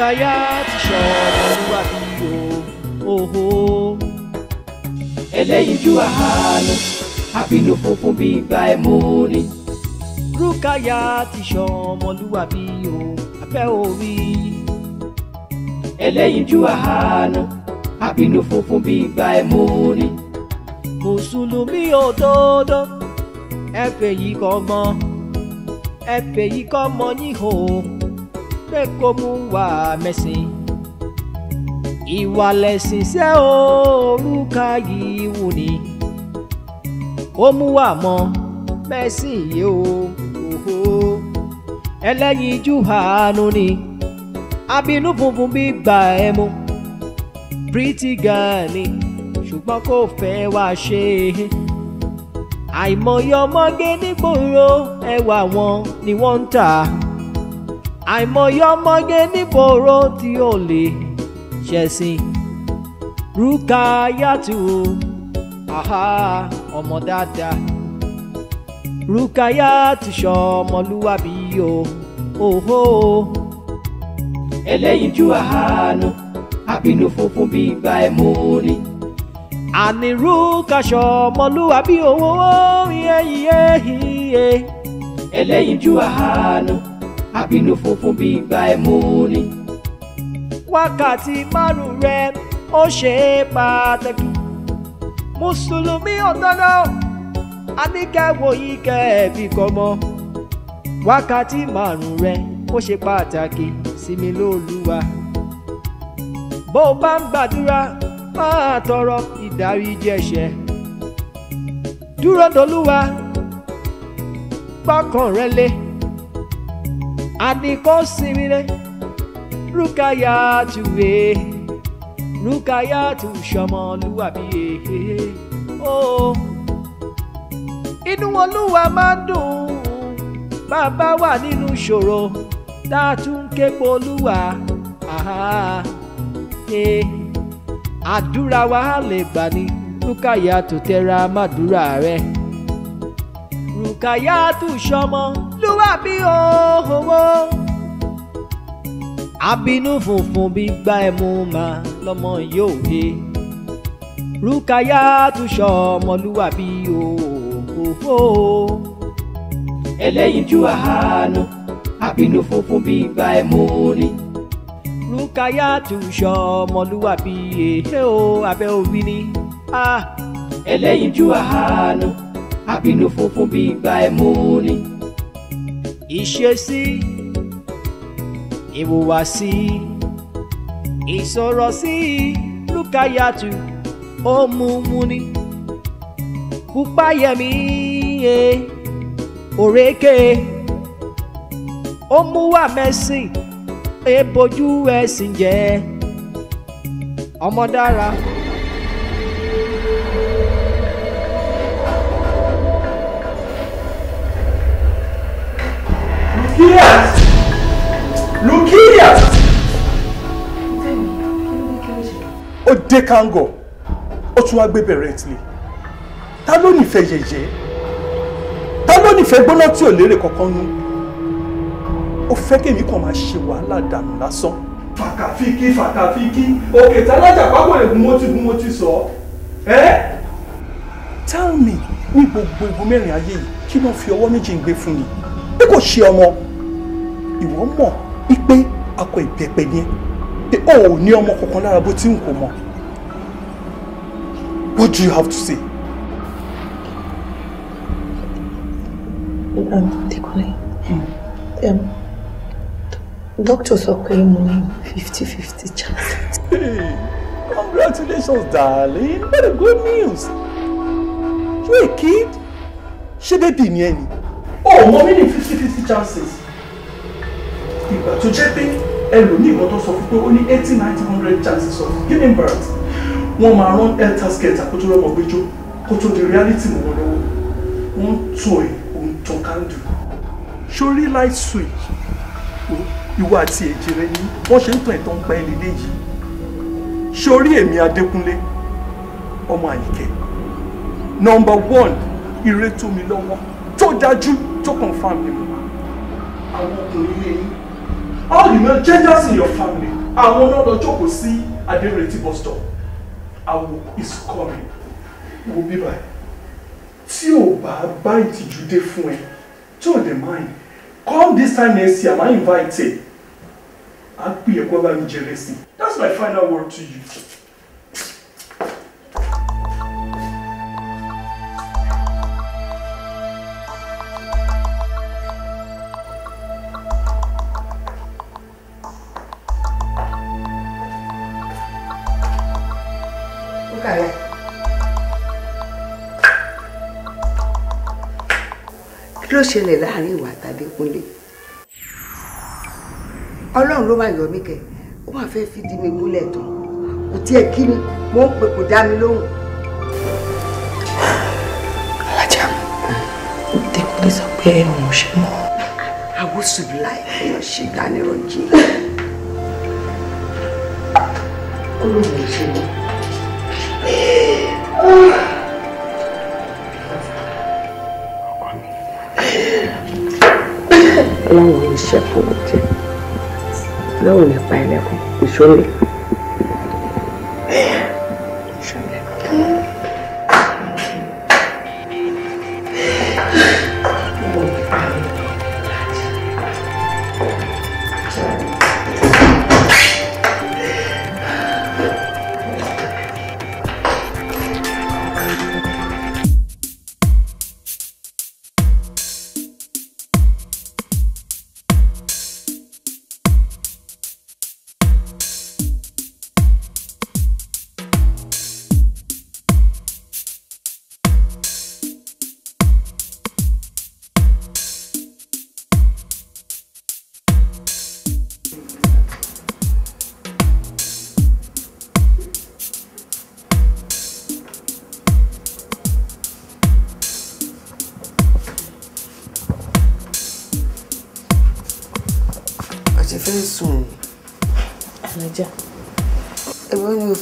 táyà ti ṣọ̀rọ̀ olúwa bí o òhò. ẹlẹ́yinjú àhálò àbínú funfun bí ìgbà ẹ̀mú ni. rúkàyà ti ṣọmọlúwa bí o abẹ́ orí. ẹlẹ́yinjú àhálò àbínú funfun bí ìgbà ẹ̀mú ni. mùsùlùmí òdodo ẹ fèyí kọ́ mọ́ ẹ fèyí kọ́ mọ́ yín o pé kó mú wà mẹ́sìn ìwà lẹ̀sìn ṣẹ́ òrùka yìí wù ní ó mú wà mọ́ mẹ́sìn yìí o òhò ẹlẹ́yinjú àánú ni abínú funfun bí gbà ẹ́ mú pretty girl ni ṣùgbọ́n kò fẹ́ wá ṣe é àìmọye ọmọge nígboro ẹwà wọn ni wọ́n ń tà àìmọye ọmọge nígboro tí ò lè ṣẹ̀sìn Rukayatu aha ọmọ dáadáa Rukayatu ṣọmọlúwàbí o òhó. ẹlẹ́yinjú àánú àbínú funfun bíi ìgbà ẹ̀ mọ́ ni. àní Rukaṣọ ọmọlúwàbí owó yẹ́yẹ́ yẹ́yẹ́. ẹlẹ́yinjú àánú àbínú funfun bí ìgbà ẹ̀ mú ni. wákàtí márùn rẹ ó ṣe é pàtàkì mùsùlùmí òdodo àníkẹ́wò yìí kẹ́ ẹ̀ fi kọ́ mọ́ wákàtí márùn rẹ ó ṣe pàtàkì sí mi bó bá ń gbàdúrà máa tọrọ ìdáríjì ẹ̀ṣẹ̀ dúró dolúwa gbọ́kàn rẹ lé adikosimire rukayatu e rukayatu sọmọlúwàbí e o oh, inú olúwa máa ń dùn bàbá wà nínú ṣòro tá a tún képo olúwa àdúrà wa lè gbà ní rukayatu tẹra mádùúrà rẹ rukayatu sọmọ ọmọlúwàbí òhòwò abínú funfun bí gbá ẹmu máa lọmọ yóò he rúkàyà túṣọ ọmọlúwàbí òhòwò. eléyìí ju àánú abínú funfun bí gbá ẹmu ni. rúkàyà túṣọ ọmọlúwàbí èhé o abẹ́ òbí ni. eléyìí ju àánú abínú funfun bí gbá ẹmu ni. Ah. ìṣesí ìhùwàsí ìsọ̀rọ̀ sí lùkàyàtù òmùmùní púpáyẹmí ẹ e, òrèké òmùwà mẹ́sìn ebojú ẹ̀sìn jẹ́ ọmọ dára. Lukidias! Lukidias! Ó dé kángọ̀, ó tún wá gbé bẹ̀rẹ̀ ìtìlẹ̀. Ta ló nífẹ̀ẹ́ yẹ̀yẹ́? Ta ló nífẹ̀ẹ́ gbóná tí ò lérè kankan nú? Ó fẹ́ kémi kàn máa ṣe wàhálà dànù lásán. Fàkàfíkí fàkàfíkí, òkè tálájà pápọ̀ lè gún mo ti gún mo ti sọ. Ẹ́ tell me ní gbogbo igun mẹ́rin ayé yìí kí wọ́n fi ọwọ́ méjì ń gbé fún mi bí kò ṣe ọmọ ìwọ mọ̀ wípé akọ ìbẹ̀pẹ̀ yẹn pé ó ò ní ọmọ kankan lára bó ti ń kò mọ̀ what do you have to say. Um, Dekole, hmm. um, doctor sọ pé mo ní fifty fifty chance. congratulations darling, what a good news. You a kid? Ṣé bébì ni ẹ ni? Oh, mo ní fifty fifty chances ìgbà tó jẹ́ pé ẹlòmíì kan tó sọ fún pé ó ní eighty ninety hundred chances of giving birth wọ́n máa rán health care àkótó rẹ̀ mọ̀ gbẹ́jọ́ kó tó di reality mọ̀ wọ́n lọ́wọ́ wọ́n tó ẹ̀ òun tán kándù. sórí light switch ìwọ àti ẹ̀jẹ̀ rẹ ni wọ́n ṣe ń tàn ìtàn pa ẹni léyìí sórí èmi Adékúnlé ọmọ Àyìnkẹ́ nọmba one ire tó mi lọ́wọ́ tó dájú tó confam ni mo wà àwọn ọkùnrin lẹ́yìn all the male genders in your family àwọn náà lọ jókòó sí adérètí bus stop awo is coming wo bí báyìí tí ò bá bá ìtìjú dé fún ẹ tí ò dé mind come this time next year i'm invited a pè é kó bá mi jẹrẹ sí that's my final word to you. ló ṣẹlẹ̀ láàrin ìwà tàbí kúnlẹ̀ ọlọ́run ló máa yọ mí kẹ ó máa fẹ́ fìdí mi múlẹ̀ tán kò tiẹ̀ kí ni mò ń pè kò dá mi lóhùn. alájà tẹkùnlé sọ pé òun ò ṣe mọ. àwòsùn láì èèyàn ṣe dánirọ̀jì kó ló ń ṣe mọ. ṣẹ̀kùn jẹ lọ́rùn nípa ẹlẹ́kùn ìṣó lè.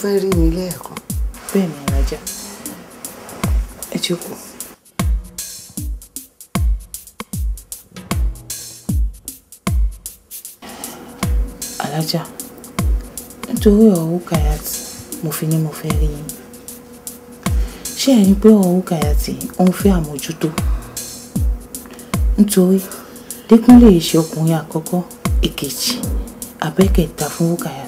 fẹ́ rí mi lẹ́ẹ̀kan. bẹ́ẹ̀ ni alájà ẹ jókòó. alájà nítorí ọ̀hún kàyàtì mo fi ní mo fẹ́ rí yín ṣé ẹ̀yin pé ọ̀hún kàyàtì ó ń fẹ́ àmójútó nítorí dẹ́kun lè ṣe ọkùnrin àkọ́kọ́ èkejì abẹ́kẹ̀ta fún wúkàyà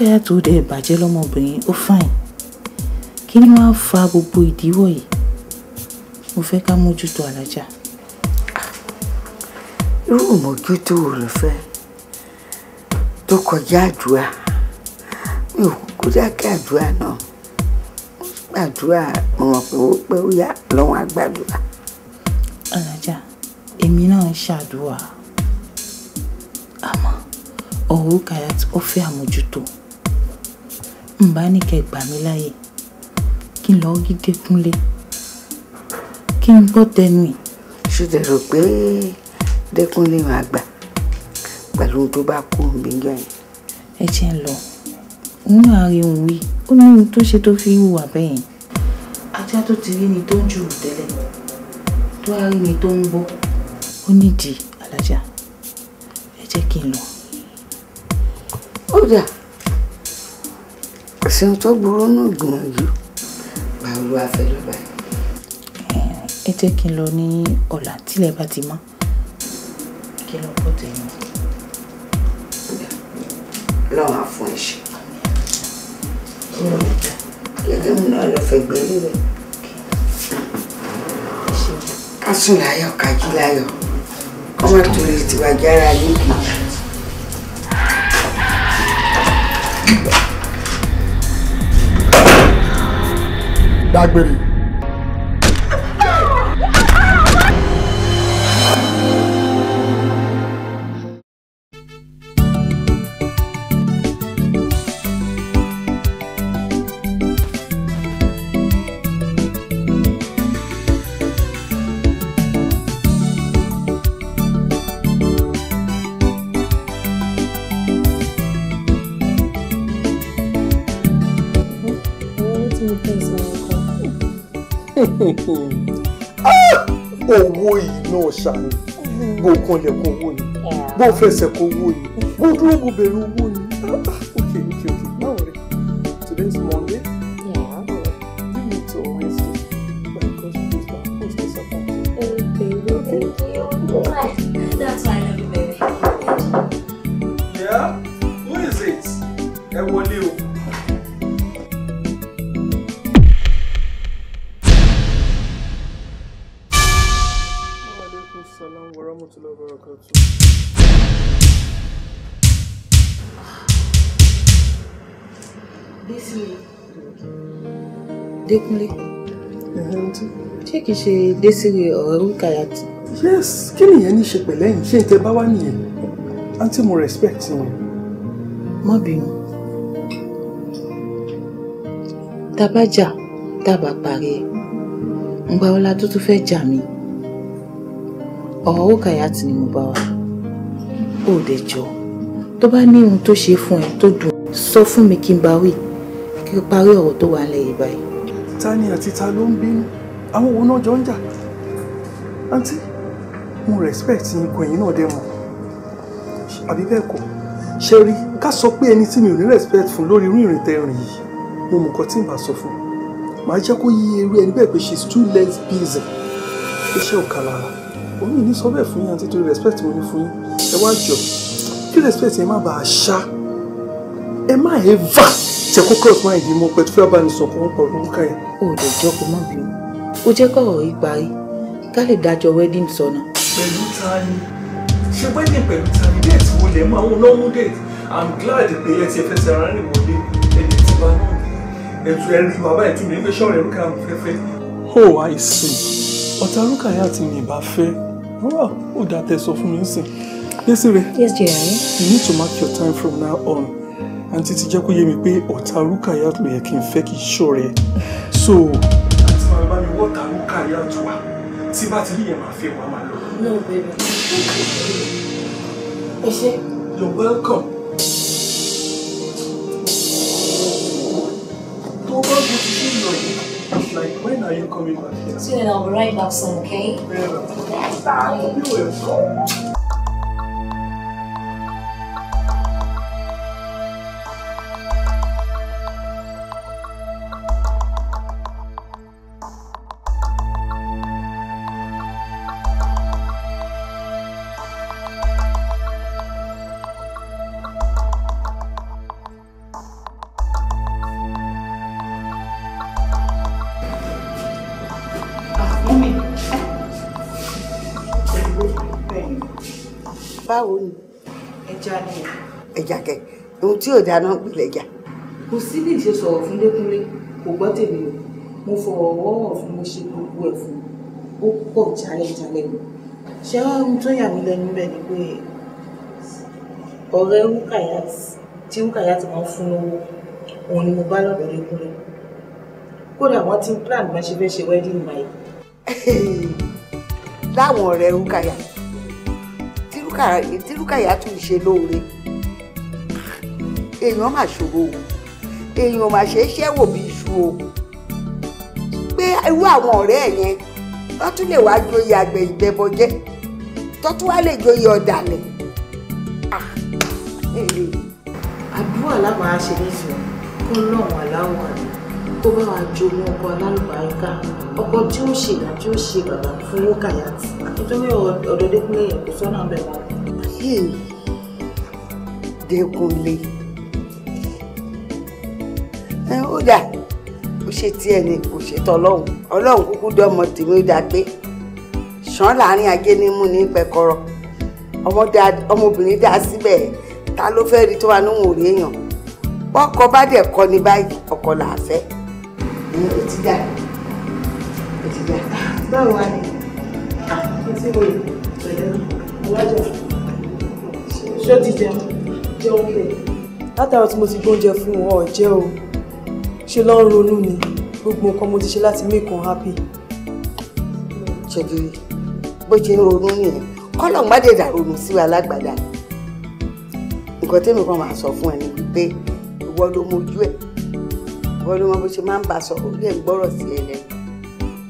káyà tó dẹ̀ bàjẹ́ lọ́mọbìnrin ó fàìn kí ni wọ́n á fa gbogbo ìdíwọ́ yìí mo fẹ́ ká mójútó alájà. irú ìmọ̀jútó wo ló fẹ́ tó kọjá àdúrà mi ò kúkú dákẹ́ àdúrà náà gbàdúrà mo mọ̀ pé ó pé ó yá lọ́wọ́ àgbàdúrà. alájà èmi náà ń ṣàdúrà àmọ́ ọ̀hún kayat ó fẹ́ àmójútó n bá ní kẹ́ gbà mí láàyè kí n lọ gídé kúnlé kí n gbọ́ tẹnu ẹ̀. ṣùgbọ́n rò pé dẹ́kúnlé máa gbà pẹ̀lú ohun tó bá kú òǹbí yọ yẹn. ẹ jẹ́ ń lọ òun náà rí òun wí ó ní ohun tó ṣe tó fi hùwà bẹ́ẹ̀ yẹn. ajá tó ti rí ni tó ń jùrù tẹ́lẹ̀ tó wá rí ni tó ń bọ́ ó nídìí alájà ẹ jẹ́ kí n lọ. ó dà sí ohun tó burú nù gbìyànjú pàrọ̀ àfẹlọ́ba. ẹ jẹ́ kí n lọ ní ọ̀la tílẹ̀ bá ti mọ́ kí n lọ bọ́ tẹ̀yìn. lọ́wọ́ á fún ẹ ṣe. gẹ́gẹ́ mi náà lọ fẹ́ gbẹ́rú rẹ̀. ká sùn láyọ̀ ká jí láyọ̀ kọ́mọ́tò lè tiwa jára ní kìí. dágbére. Ah! owó yìí náà ṣàní bó kanlẹ̀kùn owó ni bó fẹsẹ̀ kó owó ni bó dúró bó bẹ̀rẹ̀ owó kí ṣe dé síre ọ̀rọ̀ rúkàyà tí. yes kí nìyẹn ní í ṣe pẹ̀lẹ́ yìí ṣé ìtẹ́ bá wà nìyẹn àǹtí mo respect yín. má bínú tabajà tábà parí ẹ ọlá tó tún fẹ́ẹ́ jà mí ọ̀rọ̀ rúkàyà tí ni mo bá wà ó dẹ̀ jọ tó bá ní ohun tó ṣe fún ẹ tó dùn sọ fún mi kí n bá wí kí n parí ọ̀rọ̀ tó wà lẹ́yìn báyìí. ta ni àti ta ló ń bínú àwọn òun náà jọ ń jà àǹtí mo respect yín kò yín náà dé mọ̀ àbí bẹ́ẹ̀ kọ́ ṣe rí ká sọ pé ẹni tí mi ò ní respect fún lórí irú ìrìn tẹ̀rìn yìí mo mọ̀ kọ́ tí n bá sọ fún màá jẹ́ kó yí eré ẹni bẹ́ẹ̀ pé she is too less busy iṣẹ́ ò kà lára omi ò ní sọ bẹ́ẹ̀ fún yín àǹtí torí respect mo ní fún yín ẹ wá jọ kí respect yẹn má bàa ṣá ẹ má ever tẹ kó cross mind mi mo pẹ̀tù fẹ́ bá mi sọ̀kọ́ ń pọ̀ lórúkà yẹn. o ò lè jọ́ ó jẹ́ kọ̀rọ̀ yìí parí ká lè dájọ́ wedding sọnà. pẹ̀lú ta ni ṣe wedding pẹ̀lú ta ni déètì wo lè mú àwọn lọ́mú déètì i'm glad pé ẹ ti ẹ fẹsẹ̀ ara rìn wọlé ẹni tí wàá náà ẹtù ẹrí bàbá ẹtù mi nígbà sọ̀rọ̀ ẹrúkà fẹ́fẹ́. oh i see ọ̀tá rúkàyà tí mi bá fẹ́ ó dá tẹ sọ fún mi sìn Desire. yes dear. you need to mark your time from now on àǹtí ti jẹ́ kó yé mi pé ọ̀tá rúkàyà ló yẹ kí n fẹ́ kí n so water will carry out to her tí bá ti rí yẹn máa fi wá máa lọ. no baby ẹ ṣe. you're welcome. tó bá mo ti ṣe lọ yìí like when are you coming back here. soon and i'll be right back soon okay. bẹ́ẹ̀ ni àwọn yóò ẹ̀ ò dáná gbilẹ̀ jà. kò sí bí ìṣe sọ̀rọ̀ fún Lékúnlé kò gbọ́ tèmi o mo fọ̀rọ̀ wọ́rọ̀ fún mo ṣe gbogbo ẹ̀ fún ó pọ̀ jálẹ̀jálẹ̀ mi ṣé ohun tó yà mí lẹ́nu bẹ́ẹ̀ ni pé ọ̀rẹ́ Rukayat tí Rukayat máa ń fún lówó òun ni mo bá lọ́dọ̀ Lékúnlé kódà wọ́n ti ń plan bá ṣe fẹ́ ṣe wedding my. láwọn ọ̀rẹ́ Rukayat tí Rukayat tún ṣe lóore èèyàn mà ṣòro o èèyàn mà ṣe é ṣẹ́wò bí iṣu o pé irú àwọn ọ̀rẹ́ ẹ̀ yẹn wọ́n tún lè wá joyè àgbẹ̀ ìbẹ́bọjẹ́ tó tún wá lè joyè ọ̀dàlẹ̀ ah, eh, eh. àdúrà lábàá ṣe nífẹ̀ẹ́ kó lọ́wọ́ aláwọ̀ àná kó bá wa jogún ọkọ alálùbáríkà ọkọ tí ó ṣe ìyá tí ó ṣe bàbá fún wókàyà tí nítorí ọ̀dọ́dẹ́kùnlé yẹn kò sọ́nà bẹ̀rẹ̀. Dẹ́kunlé ó dà ó ṣe tiẹ̀ ni kò ṣètò ọlọ́run ọlọ́run kúkú dọ́mọ tèmi ó dà pé ṣán láàrin ajé ní mú ní pẹ̀kọ̀rọ̀ ọmọbìnrin dá síbẹ̀ ta ló fẹ́ rí tó wà níwọ̀n òrí èèyàn ọkọ bá dẹ̀ kọ ní báyìí ọkọ là á fẹ́. ìyẹn ó ti dà ó ti dà. báwo wá ni mo ti wò pẹ̀lú alájọ ṣé ó ti jẹun jẹun bẹ́ẹ̀. látara tí mo ti gbóúnjẹ fún ọ jẹ́ o ṣe ló ń ronú ni gbogbo nǹkan mo ti ṣe láti make am happy. ṣèjú bó ṣe ń ronú nìyẹn kọ́lọ̀ má dé dàrúnú sí wa lágbàdá nǹkan tẹ́mi kan máa sọ fún ẹ ni wípé ìwọ ló mojú ẹ ìwọ ló mọ bó ṣe máa ń bá a sọ̀rọ̀ ó lè gbọ́rọ̀ sí ẹ lẹ́nu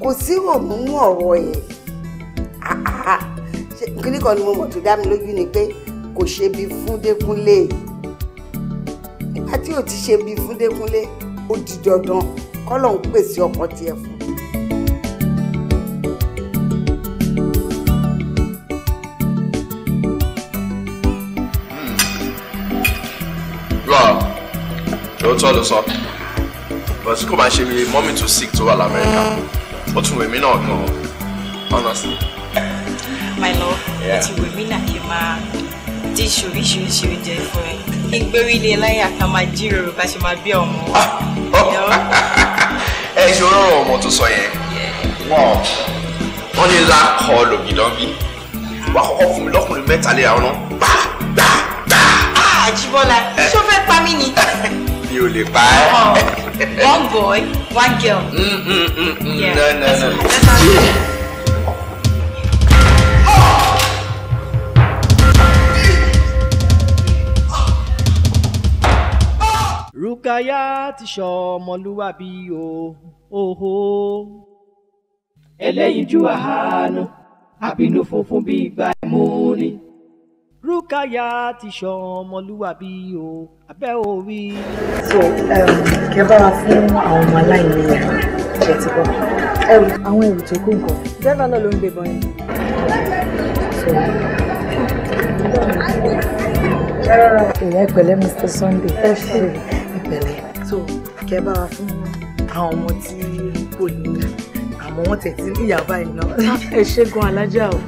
kò sí òun mú ọ̀rọ̀ ẹ̀ kíní kan ni mo mọ̀ tó dá mi lójú ni pé kò ṣe bí fún Dékúnlé àti ò ti ṣe bí fún Dékúnlé ó di dandan kọ́lọ̀ pèsè ọkọ tiẹ̀ fún. Hmm. lóòótọ́ ló sọ but kò máa ṣe bíi mọ́mì tó sick tó wà lamẹ́ríkà hmm. ó tún wèmí náà gan honestly. my love ó ti wèmí náà kí n máa dish oríṣiríṣi oúnjẹ fún ẹ kí n gbórí ilé láyà ká máa jíròrò bá ṣe máa bí ọmọ wa. Ah! ẹ ṣe olóró ọmọ tó sọ yẹn wọ́n wọ́n ní ńlá lògìdánbí wà kọ́kọ́ fún mi lọ́kùnrin mẹ́ta lé àwọn náà gbà gbà gbà. àjìbọ́lá ah, eh. pa mí ni. mi ò lè pa ẹ́. Oh, one boy one girl. Mm, mm, mm, mm. Yeah. no no no. Rukaya ti sọ ọmọlúwàbí o oho. ẹlẹ́yinjú àánú àbínú funfun bíi ìgbà ẹ̀mú ni. Rukaya ti sọ ọmọlúwàbí o abẹ́ orí. so um, kẹ bá wa fún àwọn ọmọ aláìní ẹ jẹ ti bọ um, àwọn èrò tó kù nǹkan. dẹ́gbà náà ló ń gbé bọ́ yẹn. ẹ pẹ̀lẹ́ Mr. Sunday ẹ ṣe pẹ̀lẹ́ so kẹ́ bá wa fún àwọn ọmọ tí kò ní àmọ́ wọ́n tẹ̀ sí ìyá ah, ẹ ṣe gan alájà o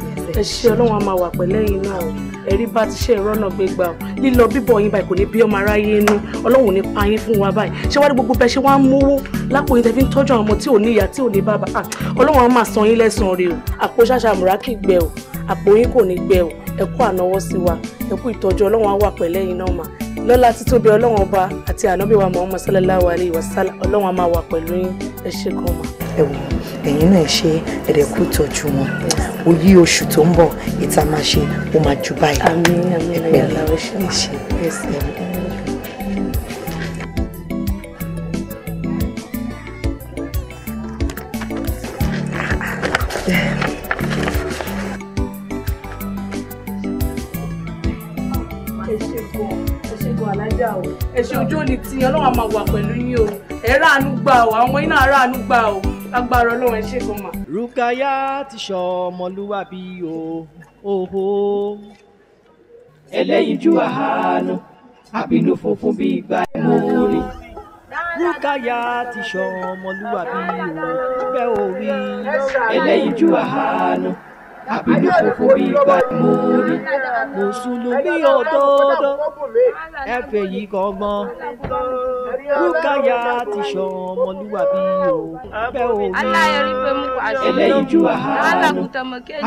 ẹ ṣe ọlọ́run a máa wà pẹ̀lẹ́ yín náà o ẹ̀rí bá ti ṣe ìrọ́nà gbégbá o lílọ bíbọ̀ yín báyìí kò ní bí ọmọ aráyé inú ọlọ́run ò ní pa yín fún wa báyìí ṣé wàá ní gbogbo bẹ́ẹ̀ ṣe wàá mówó lápò yín tẹ́ fi ń tọ́jú àwọn ọmọ tí ò ní ìyá tí ò ní bàbá ah, ọlọ́run a máa san yín lẹ́sàn-án rè o àpò ṣàṣà mùrákì gbẹ o àpò yín kò ní gbẹ o ẹ kú sí wa ẹ ìtọ́jú ọlọ́run á wà pẹ̀lẹ́ yín náà mà lọ́lá títóbi ọlọ́run ọba àti ànábìwà Muhammad sallallahu alaihi wasallam ọlọ́run á máa wà pẹ̀lú yín ẹ ṣe kan mà. ẹ wò ẹ̀yin náà ṣe ẹ̀rẹ̀kú tọ́jú wọn oyí oṣù tó ń bọ̀ ìta máa ṣe ó máa ju báyìí. àmín àmín ẹ̀yà làwọn ṣe é ṣe. kí ọlọ́run á máa wà pẹ̀lú yín o ẹ ráàánú gbà o àwọn iná ráàánú gbà o agbára ọlọ́run ẹ ṣe kan mà. Rukaya ti sọ ọmọlúwàbí o oho. eléyìí ju àánú àbínú funfun bíi ìgbà ìmọ̀ọ́rí. Rukaya ti sọ ọmọlúwàbí o bẹ́ẹ̀ ò rí. eléyìí ju àánú àbílẹ̀kùnkùn ìgbà mòórì mùsùlùmí òdodo ẹ̀fẹ̀ yìí gangan rúkàyà ti sọ ọmọlúwàbí o bẹ́ẹ̀ o eléyìí ju àhánú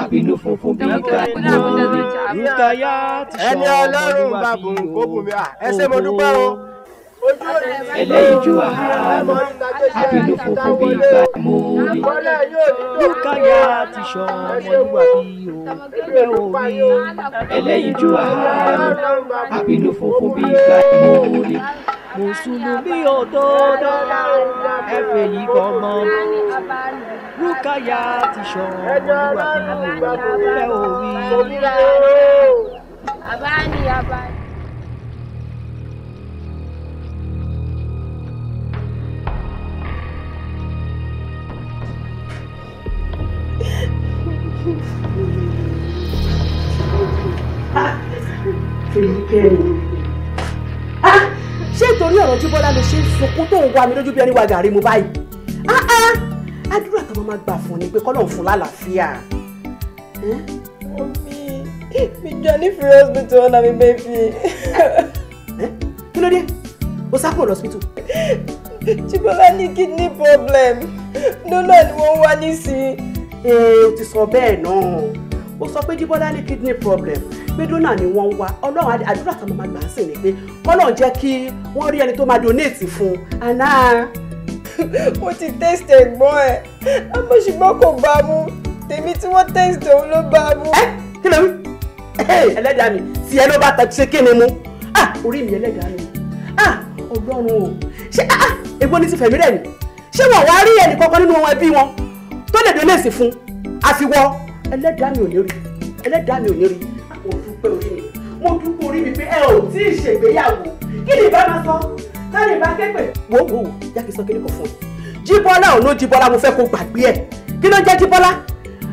àbínú funfun bí ìgbà mòórì rúkàyà ti sọ ọmọlúwàbí o. ẹni ọlọ́run bàbùn kó bùnmi à ẹsẹ̀ mo dúpẹ́ o ẹlẹ́yinjú àhámọ́ àbínú fòfò bí ìgbà mú rí lùkàyà ti sọ ọmọlúwàbí o ẹgbẹ́ orí ẹlẹ́yinjú àhámọ́ àbínú fòfò bí ìgbà mú rí mùsùlùmí òdodo ẹ̀fẹ̀ yìí kọ́ mọ́ lùkàyà ti sọ ọmọlúwàbí o ẹgbẹ́ orí. Ah, ṣé torí ọ̀rọ̀ tí bọ́lá mi ṣe ń sunkún tó ń wá mi lójú bí ẹni wá gàrí mu báyìí ah, ah, àdúrà tó máa gbà fún ni pé kọ́lọ́hún fún lálàáfíà. omi hmm? mi jọ nífẹ̀ẹ́ hospital ọ̀nà mi bẹ́ẹ̀bì. Eh, kí ló dé o sá kúrò lọ́sítù. Jíbọ́lá ní kidney problem lọ́nà ni wọ́n wá nísìnyí ee o ti sọ bẹ́ẹ̀ náà ó sọ pé Jíbọ́lá ní kidney problem pé dónà ni wọ́n ń wá ọlọ́run àdúrà tá a máa gbà á sì ni pé kọ́lọ̀ jẹ́ kí wọ́n rí ẹni tó máa donate fún àná. mo ti test ẹ̀gbọ́n ẹ̀ àmọ́ ṣùgbọ́n kò bá a mú tèmi tí wọ́n test òun ló bá a mú. ẹ kí ló ń ẹlẹ́dàá mi tí ẹ ló bá ta ṣe kí ni Ah, orí mi ẹlẹ́dàá mi ah, ọlọ́run o ṣé egbò ah, ah, ní ti fẹ̀mí rẹ̀ ni ṣé wọ́n wá rí ẹnì kankan nínú ẹbí wọn tó lè dé lèsì fún àfiwọ́ ẹlẹ́dàá mi ò ní rí ẹlẹ́dàá mi ò ní rí mo dúpẹ́ orí mi mo dúpẹ́ orí mi pé ẹ ò tí ì ṣègbéyàwó kí ni ìbá máa sọ sáré ìbá kẹ́pẹ́. wo wo wo yàtí sọ kíní kan fún mi jíbọ́lá ò ló jíbọ́lá mo fẹ́ kó gbàgbé ẹ̀ kí ló ń jẹ́ jíbọ́lá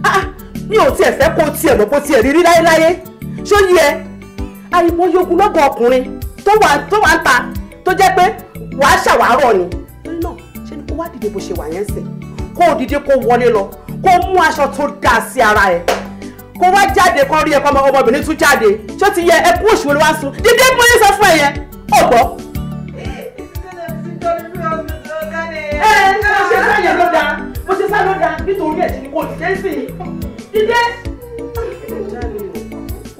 ah, ah. mi ò tiẹ̀ fẹ́ kó tiẹ̀ lọ́pọ̀ tiẹ̀ rírí láéláé ṣó yí ẹ àìmọye ogunlọ́gọ̀ ọkùnrin tó wà tó wà ń ta tó jẹ́ pé wàá ṣàwárọ̀ ni torí náà ṣe ni kó wá dìde bó ṣe wà yẹn sẹ́yìn kó o dìde kó o wọlé lọ kó o mú aṣọ tó dáa sí ara ẹ kó wá jáde kó rí ẹ kó ọmọbìnrin tún jáde ṣó ti yẹ ẹkú òṣùwọ̀n wá sùn dídé mú yín sọ fún ẹ yẹn ó gbọ́. ẹ ẹ mo ṣe sá yẹn ló dáa mo ṣe sá ló dáa nítorí ẹ̀jẹ̀ ni kò dìde sí i dídé.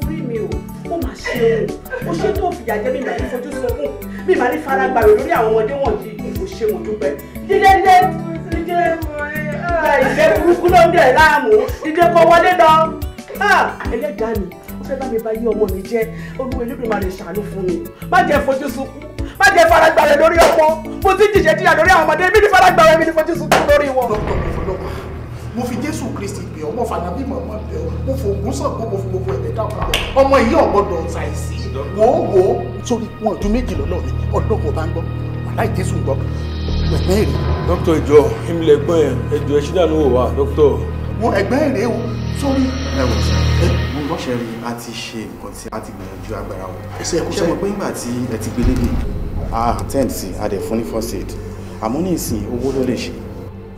orí mi ò ó mà ṣe o ó ṣe tó fìyà jẹ mi màá ní fojú sunkún mi màá ní fara gbàrò lórí àwọn ọmọdé wọ̀nyí ṣe mo dúpẹ́ dídé dídé dídé ìdè burúkú ló ń dẹ̀ láàmú dídé kọ́ wọlé lọ ẹlẹ́dàá mi ó fẹ́ bá mi bá yé ọmọ mi jẹ́ olúwa elédùn máa lè ṣàánú fún mi má jẹ́ fojú sunkún má jẹ́ faragbà rẹ̀ lórí ọmọ mo ti jìṣẹ́ jìyà lórí àwọn ọmọdé mi ní faragbà rẹ̀ mi ní fojú sunkún lórí wọn. dókítà mi fọlọ́pàá mo fi jésù kristi bẹ̀ ọ́ mo bí màmá bẹ̀ ọ́ mo fò ògùn sàgbó mo fi gbogbo ẹ̀bẹ̀ dáhùn ọmọ yìí ọ̀gbọ́dọ̀ ṣàìsí wò ó wò ó sórí wọn ọdún méjì ọdún kò bá ń gbọ́ láì tẹ̀sùn gbọ́ ẹ̀gbẹ́ èrè. dókítà ìjọ ìmìlẹ̀ ẹ̀gbọ́n ẹ̀ ẹ̀jọ̀ ẹ̀ṣídà ló wà dókítà. mo ẹ̀gbẹ́ èrè o sórí. ẹ wò ó mo gbọ́ ṣe rí a ti ṣe nǹkan tí a ti gbìyànjú agbára wọn. ṣé ẹ mọ̀ pé nígbà tí ẹ ti gbélé dé. a ten sí a dẹ̀ fún ní first aid àmọ́ ní ìsìn owó ló lè ṣe.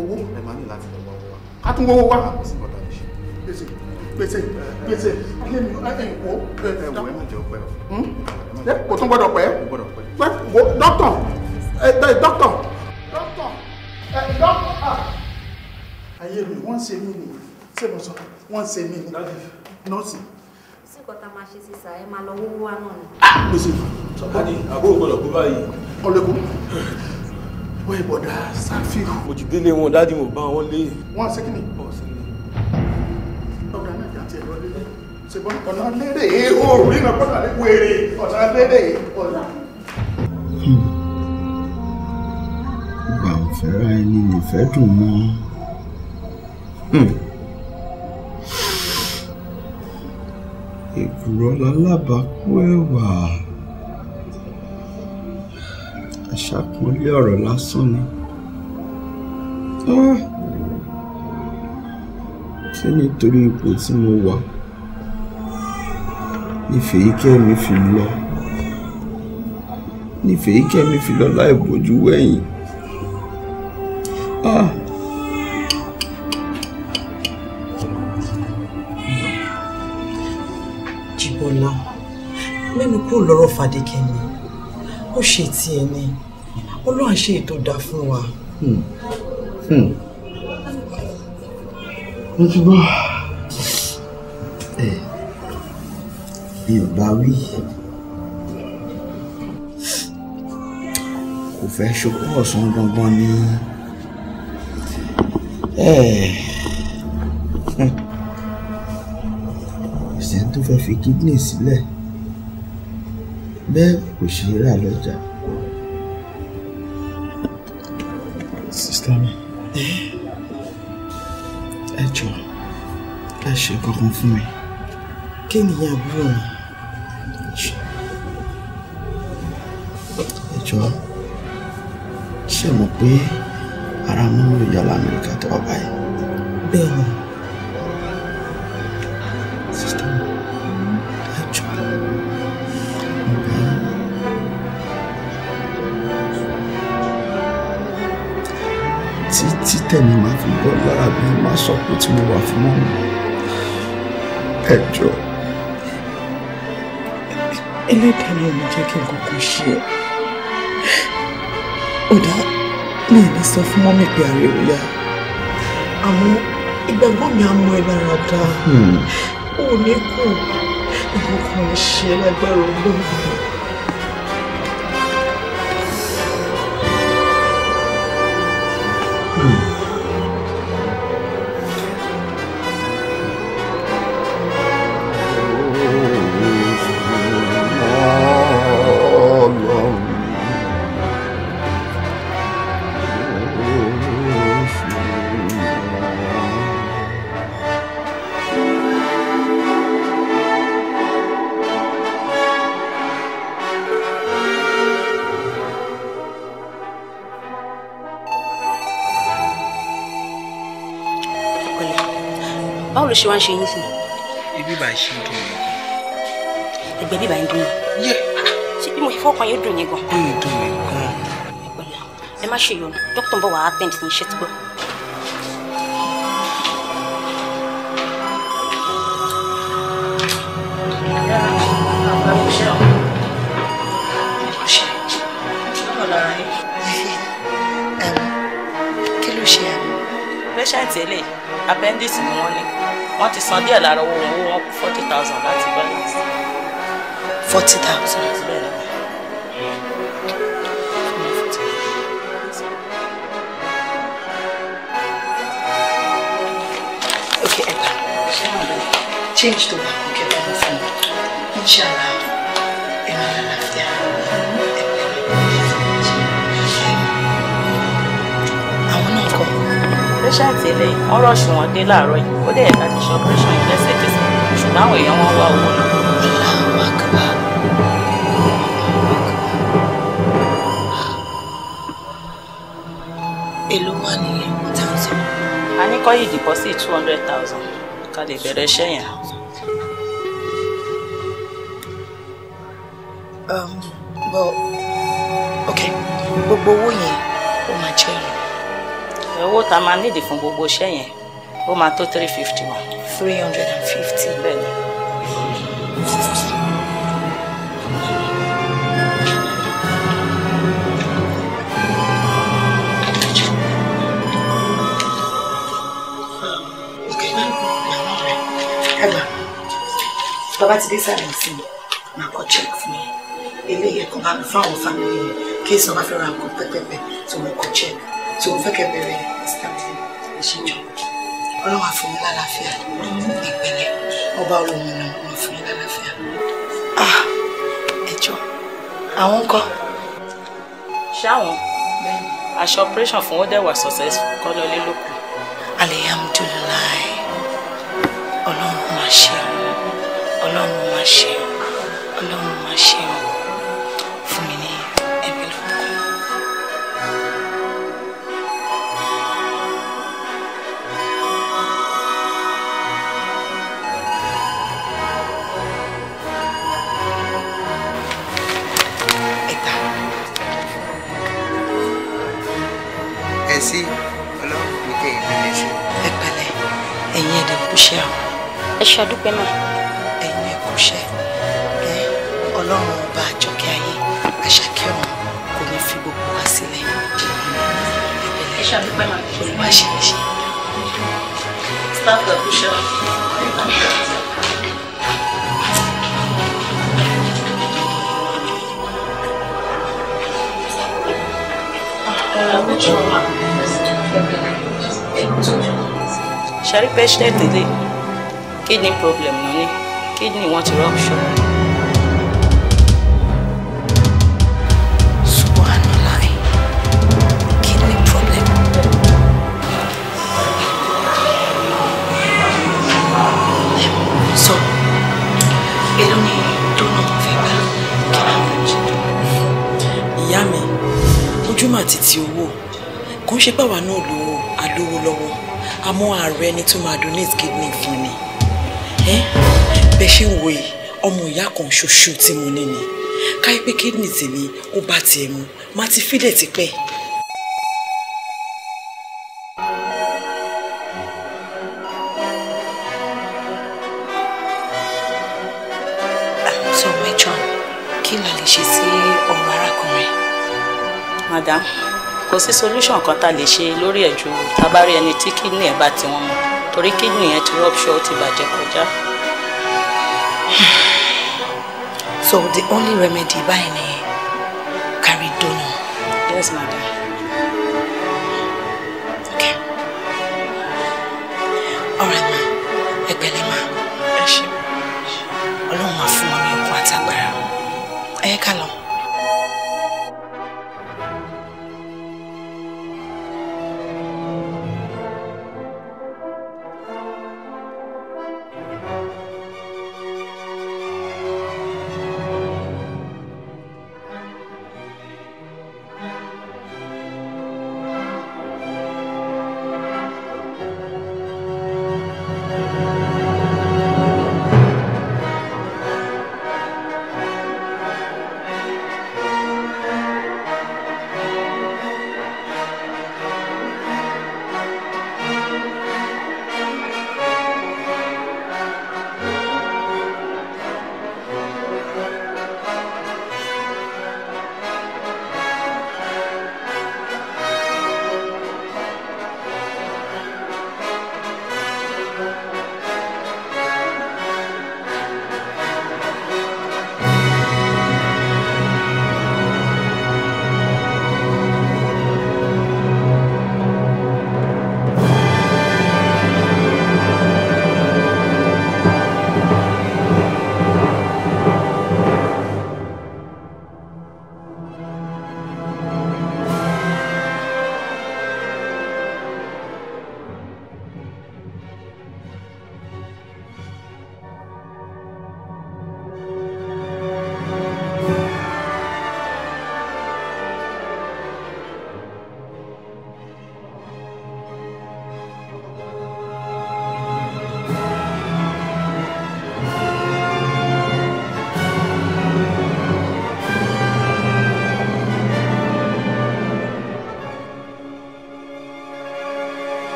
owó ẹ máa ní láti lọ wá. a tún wọ́wọ́ wá. gbèsè gbèsè gbèsè ilé mi ẹ ń wo. ẹ wò ẹ má jẹ ọpẹ o. Hmm? kò tún gbọ́dọ̀ pẹ. gbọ́dọ̀ pẹ. dókítà dọ́kítọ̀ dọ́kítọ̀ dọ́kítọ̀ ayé mi wọ́n ń ṣe mí ni ṣé mo sọ wọ́n ń ṣe mí ni nọ́ọ̀sì. síkọ̀ tá a máa ṣe sí sà ẹ máa lọ wó wá náà ni. Ah, gbèsè sọ̀kadì àbúrò gbọ́dọ̀ kú one. ọlẹ́kùn wọ́n ìbọ̀dà sáfíù. òjìdílé wọn dáàdì mo bá wọn lé. wọ́n ṣe kí ni. ọ̀gá náà jà tiẹ̀ lọ lé ṣùgbọ́n ọ̀nà lérè ọ̀rùn nínú ọ̀pọ̀lọpọ̀ àlékún èrè ọ̀nà lérè ọ̀nà. pàǹfẹ́ra ẹni nìfẹ́ dùn mọ́. èkùrọ́ hmm. lálábàákú ẹ̀wà àṣàpọ̀nlé ọ̀rọ̀ lásán ni. Ah. ṣé nítorí ipò tí mo wà nífẹ̀ẹ́kẹ́ mi fi lọ nífẹ̀ẹ́kẹ́ mi fi lọ láì bójú wẹ̀yìn. Jíbọ́lá mẹ́nu kúrò lọ́rọ̀ Fàdékẹ́ ni ó ṣe ti ẹni Ọlọ́run ṣe ètò dá fún wa. Hmm. Hmm. mo ti gbọ́ eh, mi ò bá wí kò fẹ́ ṣokú ọ̀sán gbọ̀ngbọ̀n ni. Hmm kò eh. sẹ́ni tó fẹ́ fi kídìnì sílẹ̀ bẹ́ẹ̀ kò ṣe é rà lọ́jà. sísítà mi eh? ẹ jọ ẹ ṣe kankan fún mi kí nìyẹn àbúrò mi. ẹ jọ ṣe mọ̀ pé ara mú ní ìyá lamẹ́ríkà tó wà báyìí. bẹ́ẹ̀ ni sísítà mi ẹ jọ tí títẹ̀ mi máa fi bọ́ lára mi máa sọ pé tí mo wà fún mọ́ mi ẹlẹ́dàá mi ò jẹ́ kí n kọ́kọ́ ṣe ọ̀dà mi ní sọ fún mọ́mí pé ààrẹ ò yá àmọ́ ìgbàgbọ́ mi á mú ẹ lára dá hmm. ò ní kù ìwọ kan lágbára ọlọ́run. Hmm. ló ṣe wá ń ṣe yín sí. ibi bá ṣe ń dùn mí. ẹgbẹ́ bíbá ń dùn mí. ṣé bí mo fọkàn yóò dùn yín gan. ó ń dùn mí gan. ẹ má ṣe yọnu dókítà ń bọ̀ wá attempt ní iṣẹ́ tí gbọ́. kí ló ṣe àná. pressure tẹ́lẹ̀ appendix ni wọ́n ní wọ́n ti san díẹ̀ lára owó owó wọn forty thousand láti balance. forty thousand. bẹ́ẹ̀ change to bá Okay, kẹfà fún mi inshallah. ṣe àtìlẹyìn wọn rọ̀ṣù wọn dé láàárọ̀ yìí ó dẹ̀ ẹ̀ka ti ṣe operation yìí lẹ́sẹ̀kẹsẹ̀ ṣùgbọ́n àwọn èèyàn wọn wá owó náà. èló wà ní ten a ní kọ́ yìí deposit two hundred thousand ká lè bẹ̀rẹ̀ iṣẹ́ tá a máa nídìí fún gbogbo iṣẹ́ yẹn ó máa tó three fifty one. three hundred and fifty. bẹ́ẹ̀ni. bàbá ti dé sàlẹ̀ sí mi máa kọ́ check fún mi eléyìí kan bá mi fún àwọn family mi kí èsì wọn bá fẹ́ ra nǹkan pẹ́pẹ́pẹ́ tí wọ́n kọ́ check tí wọ́n fẹ́ kẹ́ bẹ̀rẹ̀ yìí ọlọ́wà fún mi lálàáfíà ìpínlẹ̀ ọba olómi náà wọ́n fún mi lálàáfíà. Ah, ẹjọ́ àwọn ń kọ́. ṣáwọn aṣọ operation fún wọn wà successful kọ́ lọ lé lóko. alihamdulilayi ọlọ́run máa ṣe ọ́ ọlọ́run máa ṣe ọlọ́run máa ṣe ọ́. ẹ ṣàdúpẹ́ mà. ẹ̀yin ẹ kú iṣẹ́ ẹ ọlọ́run ọba àjọkẹ́ ayé àṣàkẹ́ ọ̀run kò ní fi gbogbo wa sílẹ̀ ẹ ṣàdúpẹ́ mà. olùwà ṣe é ṣe. staff ẹ kú iṣẹ́ wa. Shall we patient delay? kidney problem ló ní kidney wọn ti rupture. Subhanallah, kidney problem. So, èló ni tó náà mo fẹ́ gbà kí náà mo ṣe. Ìyá mi, ojú mà ti ti owó, kò ń ṣe báwa náà lówó, àlówó lọ́wọ́, àmọ́ ààrẹ ni tó máa donate kidney fún mi bẹ ṣe ń wo yìí ọmọ ìyá kan ṣoṣo tí mo ní ni káyé pé kídìní tèmi ó bá tiẹ̀ mu má ti fílẹ̀ tipẹ́. madam kò sí solution kan tá a lè ṣe lórí ẹ̀ tá a bá rí ẹni tí kidney ẹ̀ bá ti wọ́n torí kídùn yẹn ti rọ́pṣọ́ ti bàjẹ́ kọjá. so the only remedy báyìí ni kárí dóná. yes madam.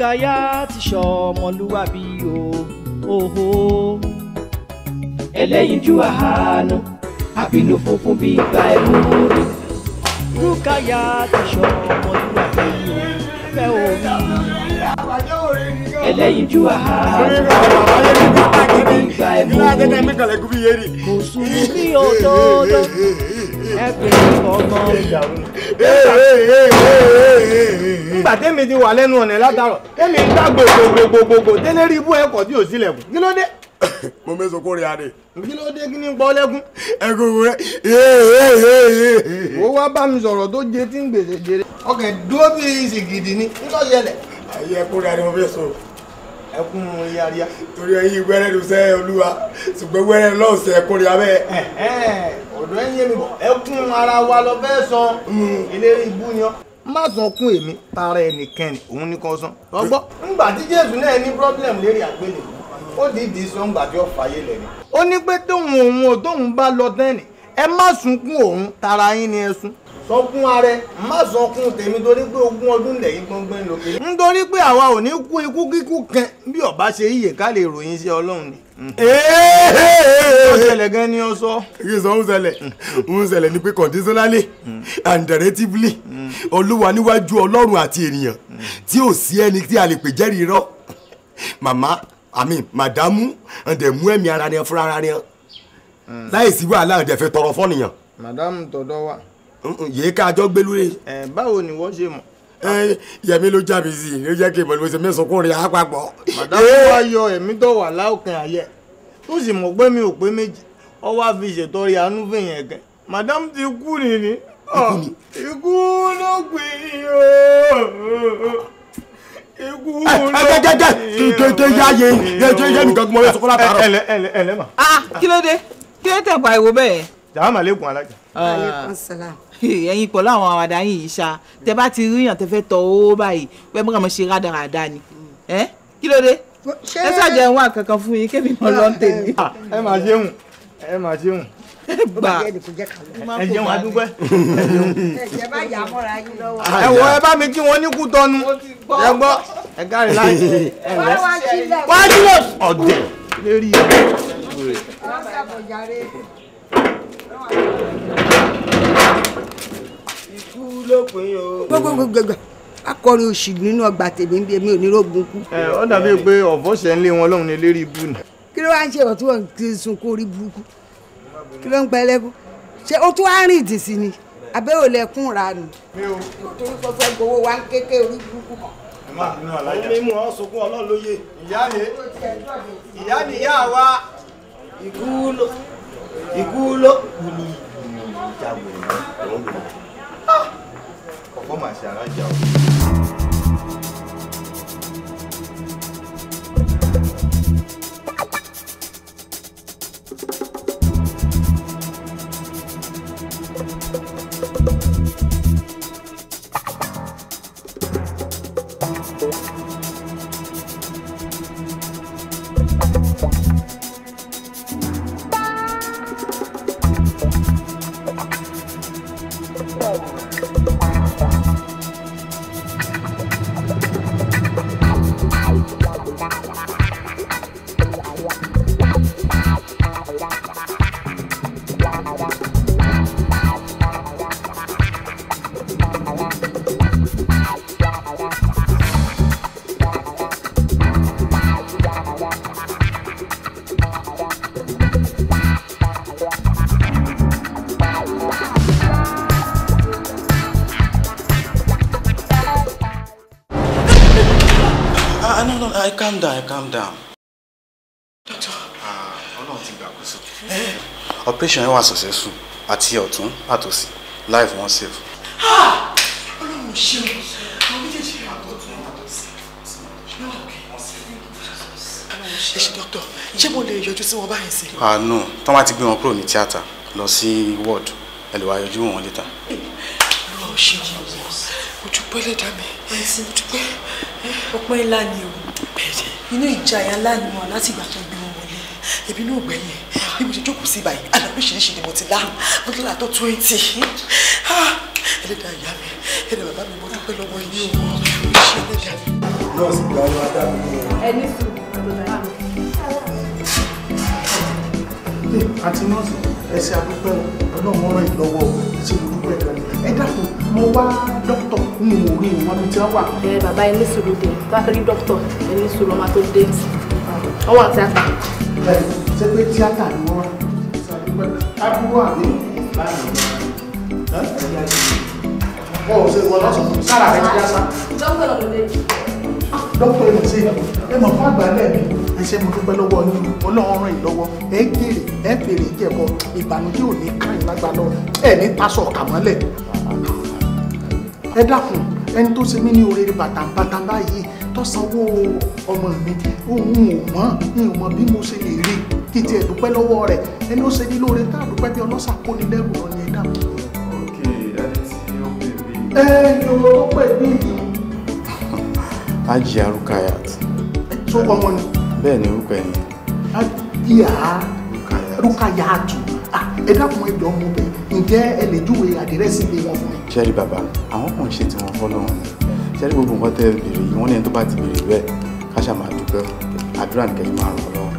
Rukaya ti ṣọmọlúwàbí o oho. ẹlẹ́yinjú àánú àbínú funfun bí gba ẹ̀mú orí. Rukaya ti ṣọmọlúwàbí o fẹ́ orí. ẹlẹ́yinjú àánú àbínú bí gba ẹ̀mú orí. kò sùn bí òdodo ẹgbẹ̀rún ọgbọ̀n. nígbà tẹ́mi ti wà lẹ́nu ọ̀nà látàrọ̀ tẹ́mi ń dá gbogbogbogbogbò délé rí ibú ẹ̀kọ́ tí ò sílẹ̀kùn kí ló dé. mo mẹ́sàn kó rí adé. kí ló dé kí ni pọ́ wá bá mi sọ̀rọ̀ tó jẹ tí ń gbèsè dúró ni nítorí ṣẹlẹ̀. ayé ẹkún rẹ̀ ni mo fẹ́ sọ̀rọ̀ ẹkún yaria. torí ẹyin wẹrẹ ló sẹ olúwa ṣùgbọ́n wẹrẹ ọ̀dọ̀ ẹ̀ ń bọ̀ ẹkún ara wa lọ fẹ́ sọ ìlérí hmm, ibú yan má sọ kún èmi tara ẹnìkan òun ní kan san ọgbọ́. ńgbà tí jésù náà problem lérí àgbélé ó dìídì sọ ńgbà tí ó fàyè lẹ́nu. ó ní pé tóun òun ò tóun ẹ má sunkún òun tara yín ni ẹ sún. sọkún ààrẹ má sọkún tèmi torí pé ogún ọdún lẹ́yìn gbọ́ngbọ́n lókè. nítorí pé àwa ò ní kú ikú kíkú kan bí ọba ṣe yíyẹ ká ó ṣẹlẹ̀ gan ni ó sọ. kí n sọ ń ṣẹlẹ̀ ń ṣẹlẹ̀ ni pé conditionally and directly olúwa níwájú ọlọ́run àti ènìyàn tí ò sí ẹni tí a lè pè jẹ́rìí rọ́ màmá àmì màdámù ǹdẹ̀ mú ẹ̀mí ara ni fúnra ara ni láì sí wàhálà ǹdẹ̀ fẹ́ tọrọ fọ́nìyàn. màdámù tọ̀dọ̀ wa. yèé ká a jọ gbẹlú rẹ. ẹ báwo ni wọ́n ṣe mọ̀. Eh, yẹmi ló jábí sí i ló jẹ́ kí ìmọ̀lẹ́wọ̀sẹ̀ mẹ́sàn-án kún rẹ̀ àpapọ̀. màdàmú wa yọ ẹ̀mí dọ̀wà láòkàn àyẹ̀ tó sì mọ̀ pé mi ò pé méjì ọwọ́ àfi ìṣètọ́rẹ àánú fèèyàn ẹ̀kẹ́ màdàmú ti kú nìní ah, ikú ló pè é o ikú eh, ló pè é o. kété yáyé yẹjọ yẹ nìkan kí mo yẹ sọkọlá tààrọ. ẹlẹ eh, ẹlẹ ẹlẹ ma. ah kí ló dé kí ló tẹ̀ pariwo bẹ́ẹ̀. jàmá màlẹ́kùn alájà. Ah. aleykum salaam. ẹ̀yin pọ̀ láwọn àwàdà yìí ṣá tẹ bá ti ríyàn tẹ fẹ́ tọ owó báyìí pé mo kàn mọ̀ ṣe rádaràda ni ẹ kí ló dé ẹ ṣàjẹ́ ń wá kankan fún yín kébì mọ́ lọ́n tèmi. Ah, ẹ máa ṣeun ẹ máa ṣeun gbà ẹ jẹun adúgbẹ ẹ jẹun. ẹ bá yà á mọ́ra yín lọ́wọ́. Ah, ẹ wọ ẹ bá mi kí wọn ní kú tọ́nu ẹ gbọ́ ẹ káre láì ẹ lẹ. wá sílẹ̀ ọ̀dẹ̀ lérí ẹ kú lópin o. gbogbogbò akọrin òsì nínú ọgbà tèmi ń bí èmi ò ní rògùn kú. ẹ ọ dàbí pé ọ̀fọ̀ ṣẹ̀ ń lé wọn lọ́hùn ní eléré ibú ni. kí ló wá ń ṣe ìwọ̀n tí wọ́n ti sunkún orí burúkú kí ló ń pẹ́ lẹ́kún ṣé o tún á rìn ìdì sí ni abẹ́ ò lẹ́kún ra nù. mi ò torí kò fẹ́ gbowó wa ń kéke orí burúkú kan. ẹ má bínú alájà. omi mu ọ sunkún ọlọ́run lóye. ìyá ni ìyá ni ìyá wa ìkú ló ìkú ló kùlù ìjà wò ọ̀pọ̀ màá ṣe arájà o. down calm down. doctor. Ah, ọlọ́run ti gbàkóso. operation yẹn wà successful àti ọ̀tún àtòsí life wọn save. ọlọ́run ṣeun àwọn méjèèjì yà ọ̀tún àtòsí ẹ ṣe doctor ṣé mo lè yọjú sí wọn báyìí sí. àánú ah, tán bá ti gbé wọn kúrò ní tíátà lọ sí ward ẹ lè wá yọjú wọn létà. ọlọ́run ṣeun ojú pẹ́lẹ́dàmẹ́ ojú pẹ́ ọpẹ́ ńlá ni o inú ìjà ẹ̀yà ńlá ni wọn láti ìgbà tó gbé wọn wọlé ẹbí náà gbẹ̀yìn bí mo ṣe jókòó sí báyìí alábíṣiríṣi ni mo ti lá mo ti là tó twenty ẹlẹ́dàá ìyá mi ẹlẹ́dàá bàbá mi mo dúpẹ́ lọ́wọ́ yín o mo ṣe ẹlẹ́dàá. nọ́ọ̀sì gba ọmọ adámi ní ẹ̀rọ. ẹni sùn àti nọ́ọ̀sì ẹ ṣe àdúpẹ́ o ọlọ́run ràn yín lọ́wọ́ ẹ ṣe ìdúpẹ́ kan ẹ dákun mo wá dókítà nínú orí wọn ní tí wọ́n wà. ẹ bàbá ẹ ní sùúrù dé bá rí dókítà ẹ ní sùúrù ọmọ tó dé ọwọ́ tíátà. ẹ ṣe pé tíátà ni wọ́n wá àbúrò àbí ọ ò ṣe wọlé ọsàn sára rẹ ti yá sá. dókítà ló dé. dókítà ló ti ẹ mọ̀ fún àgbà lẹ́ẹ̀mí ẹ ṣé mo dúpẹ́ lọ́wọ́ yín ọlọ́run ràn yín lọ́wọ́ ẹ jèrè ẹ fèrè jẹ̀bọ ìbànújẹ́ ò ní kàn yín lágbára lọ ẹ ní tasọ̀ kàmọ́lẹ̀ ẹ dákun ẹni tó ṣe mí ní oríire bàtàbàtà báyìí tó sanwó ọmọ mi òun ò mọ̀ ní ìmọ̀ bí mo ṣe lè rí kí tiẹ̀ dúpẹ́ lọ́wọ́ rẹ̀ ẹni ó ṣe ní lóore tá a dúpẹ́ bí ọlọ́sà kó ni lẹ́rù lọ ní ẹ dákun. ok ẹni tí ó pè mí. ẹ yòó ó pè mí. ajé arúkayat. sọ ọmọ ni bẹ́ẹ̀ ni orúkọ ẹ̀yìn. Rúkàyà Rúkàyàtù ẹ dákun ẹ jọ̀ọ́ mo bẹ̀ ǹjẹ́ ẹ lè júwe àdírẹ́sì ilé wọn fún mi. Ṣẹ́rí bàbá àwọn kan ṣe tiwọn fọ́lọ́run ṣẹ́rí gbogbo nǹkan tẹ́ bèrè yìí wọ́n ní ẹni tó bá ti bèrè bẹ́ẹ̀ káṣà máa dúpẹ́ àdúrà nìkẹ́ yìí máa ràn ọ́ lọ́wọ́.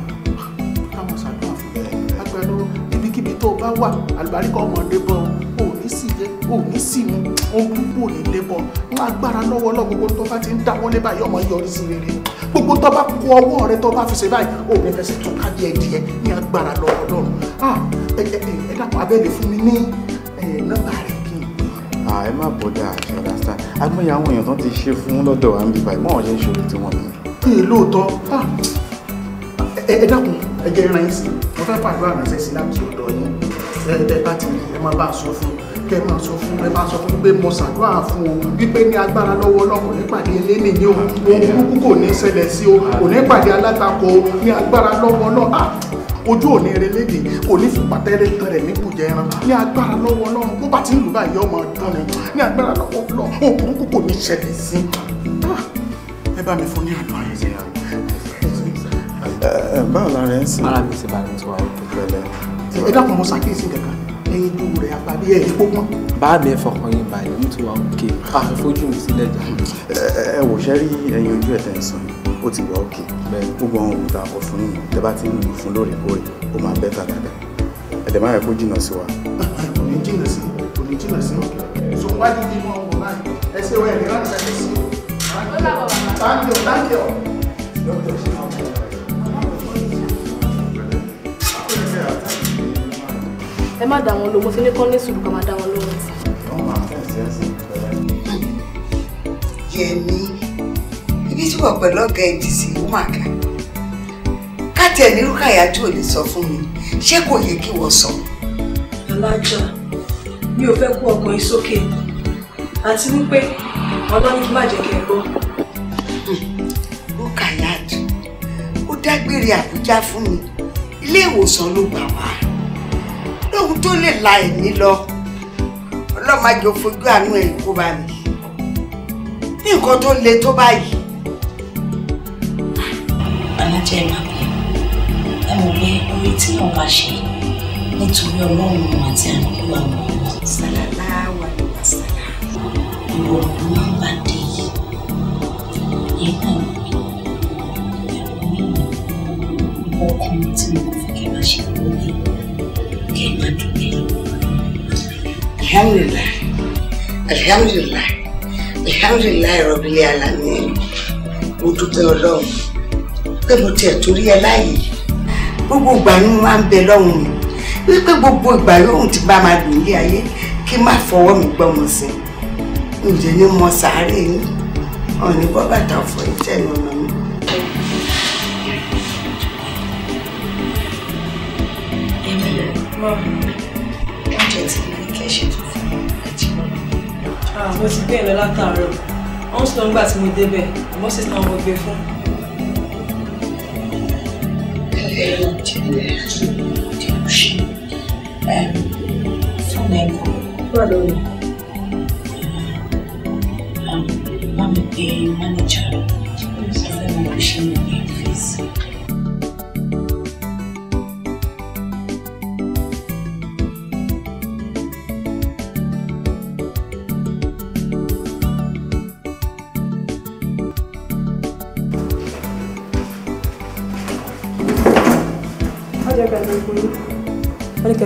káwọn ṣàdúrà fún bẹ́ẹ̀ agbẹnu ibikíbi tó o bá wà àlùbáríkà ọmọdé bọ́ ò ní sì jẹ́ ò ní sì mú ó kú kò gbogbo tó bá kó ọwọ́ rẹ tó bá fi ṣe báyìí ò ní fẹsẹ̀ tún ká díẹ̀ díẹ̀ ní agbára lọ ọlọ́run ẹ dàpọ̀ abẹ́lẹ̀ fún mi ní nọ́mbà rẹ kí n. ẹ má bọ́dà ṣọlá star agbóyè àwọn èèyàn tó ti ṣe fún lọ́dọ̀ wa ń bí báyìí wọ́n ṣe ń ṣòro tí wọ́n ní. ee lóòótọ́ ẹ dákun ẹ jẹ́ ìrìn àyín sí mo fẹ́ pàdé àmì kẹ́ ẹ sọ fún ẹ máa sọ fún pé mo ṣàdúrà fún o wípé ní agbára lọ́wọ́ ọlọ́kùn nípàdé eléni ni o ohun kúkú kò ní ṣẹlẹ̀ sí o kò ní pàdé alátakò ní agbára lọ́wọ́ ọlọ́pàá ojú òní erélédè kò ní fún pàtẹ́rẹ́ tẹ̀rẹ̀ ní kùjẹ́ ẹran ní agbára lọ́wọ́ ọlọ́run bó bá ti ń lù báyìí ọmọ ọdún ni ní agbára lọ́wọ́ ọlọ́run ohun kúkú kò ní ṣẹlẹ̀ sí ẹ bá mi fún ní àdúrà yẹn báwo la rẹ ń sìn. ara mi ti bá mi ti wà ó tó pẹ̀lẹ́. ẹ dákun mo ṣàkíyèsí kankan ẹyin tó rẹ̀ àpàdé ẹ̀ yìí pọ́pọ́n. bá mi fọkàn yín balẹ̀ nítorí àwọn òkè àfi mi sílẹ̀ jà. ẹ wò ṣẹ́rí ẹyin ojú ẹ̀ tẹ̀ ń sàn ó ti wà òkè gbogbo àwọn òògùn tá a bá ti ń lò fún lóòrèkóòrè ó máa bẹ́ tà dáadáa ẹ̀dẹ̀ máa yẹ kó jìnnà sí wa. kò ní jìnnà sí kò ní jìnnà sí so ẹ má dá wọn lówó sí ní kán ní sùúrù kan má dá wọn lówó sí. wọ́n máa fẹ́ sí ẹsẹ̀ pẹ̀lẹ́. yẹmi ibi tí wọ́n pẹ̀lú ọ̀gá ẹ̀ dì sí ó mà ká káàtì ẹ̀ nírú káyájú ò lè sọ fún mi ṣé kò yẹ kí wọ́n sọ. alájà mi ò fẹ́ kú ọkàn yìí sókè àti wípé ọlọ́run kí má jẹ́ kẹ́ ẹ gbọ́. ó kàyájú ó dágbére àbújá fún mi ilé ìwòsàn ló gbà wá olóhun tó lè la ẹ̀mí lọ ọlọ́màjò fojú àánú ẹ̀ kó bá mi ní nǹkan tó le tó báyìí. àlàjẹ màmí ẹ mọ̀ pé orí tí wọ́n bá ṣe nítorí ọlọ́run àti àdúgbò àwọn ọmọ sálálá wà ní wàsálà ìwọ ló máa ń bá dé yìí ìgbà mi ọkùnrin tí mo fi kí n máa ṣe lórí alhamdulillah alhamdulillah alhamdulillah rabbil alamin mo dúpẹ́ ọlọ́run pé mo tiẹ̀ torí ẹ láàyè gbogbo ìgbà ni mo máa ń bẹ lọ́hùn mi wípé gbogbo ìgbà lóhùn ti bá máa dùn ilé ayé kí má fọwọ́ mi gbọ́ mọ̀ sí i ǹjẹ́ ni mo sàárè yín ọ̀nì bọ́ bàtà fọ ìtẹ́nu ọ̀nà. Oúnjẹ tí mo ní kẹ́ ṣe tó fún mi àti mọ́mí. Mo ti gbé ìlọ látàárọ̀. Wọ́n sọ nígbà tí mo débẹ̀, àmọ́ sì tán mo gbé fún. Fún ẹ̀kọ́. Bọ́ọ̀ lórí. Bá ah, um, mi pe mánéjà rẹ̀. Ṣé mo fẹ́ mọ bí ṣe ń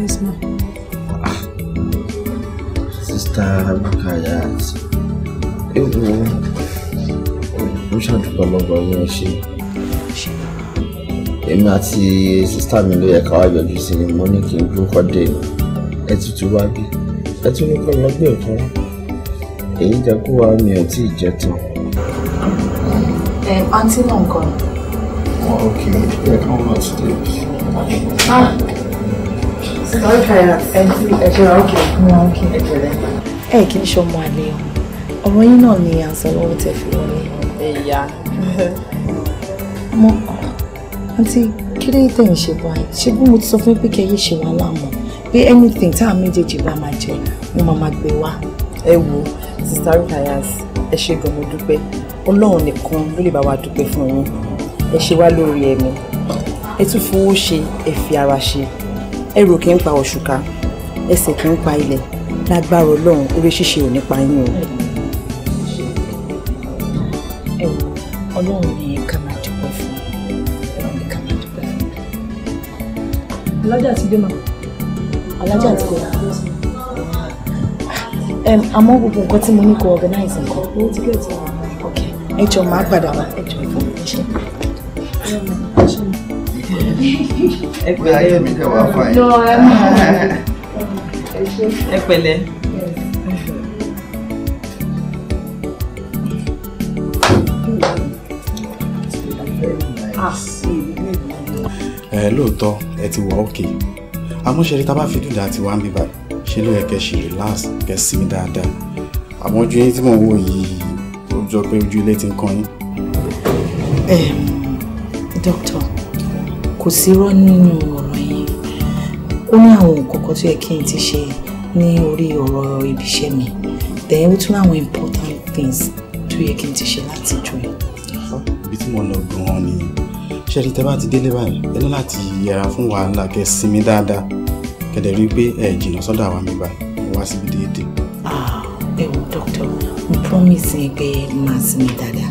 Yes, ma. Ah. Sista Bukaya, vou mo ṣàdúpọ̀ lọ́gbà bí wọ́n ṣe. Èmi àti sista mi ló yẹ ká wá yọjú sí ni mo ní kí n dúró dé ni. Ẹ tutù wá bí. Ẹ tún ní kọ́ lọ́gbẹ́ ẹ̀kọ́. Èyí jẹ́ kó wa mi ò tí ì jẹ tán. Àǹtí náà ń kọ́ ni. Oh, okay. Yeah, how much ẹ kì í ṣọmọ àlè o ọ̀rọ̀ yín náà ni àǹsọ lọ́wọ́ tẹ fi wọlé. ẹ̀yà. mo àǹtí kí ló tẹ̀ ń ṣe báyìí ṣé bí mo ti sọ fún pé kẹ́ yé ṣe wàhálà mọ́ pé anything tá a méjèèjì bá máa jẹ mo máa máa gbé wá. ẹ wo sista Rukayat ẹ ṣe gan mo dúpẹ́ Ọlọ́run nìkan ló lè bá wa dúpẹ́ fún yín ẹ ṣe wá lórí ẹ̀mí ẹ tún fowó ṣe ẹ fi ara ṣe ẹrù kì í pa òṣùká ẹsẹ̀ kì í pa ilẹ̀ lágbára ọlọ́run orí ṣíṣe ò pa yín o. ẹ wo ọlọ́run ní ká máa dúpẹ́ fún ọlọ́run ní ká máa dúpẹ́ fún. alájà ti dé mà alájà ti dé mà. àmọ́ gbogbo nǹkan tí mo ní kó organize nǹkan. owó tíkẹ́ẹ̀tì. ok ẹ jọ máa gbàdá wa ẹ jọ ìfọwọ́ṣẹ́ ẹ pẹ̀lẹ́ ayé mi dẹ̀ wá fà yín ẹ pẹ̀lẹ́. ẹ lóòótọ́ ẹ ti wà òkè àmọ́ ṣe rí tá a bá fi dùdà àti wá ń bíbá ṣe ló yẹ kẹ́ ṣe relax kẹ́ sinmi dáadáa àmọ́ ojú yín tí mò ń wò yìí ó jọ pé ojú ilé ti ń kan yín. dókítà kò sí rọ́ nínú ọ̀rọ̀ yẹn ó ní àwọn nǹkan kan tó yẹ kí n ti ṣe ní orí ọ̀rọ̀ ibi mi then ó tún àwọn important things tó yẹ kí n ti ṣe láti jọ ẹ̀. ibi tí mo lọ gan-an ni ṣẹ́ni tẹ́ bá ti délé báyìí ẹ ní láti yẹra fún wàhálà kẹ́ sinmi dáadáa kẹ̀dẹ̀ rí i pé ẹ jìnnà sọ́dọ̀ àwa mi báyìí mo wá síbi déédéé. Ah, ẹ wo dókítà mo promise yín pé máa sinmi dáadáa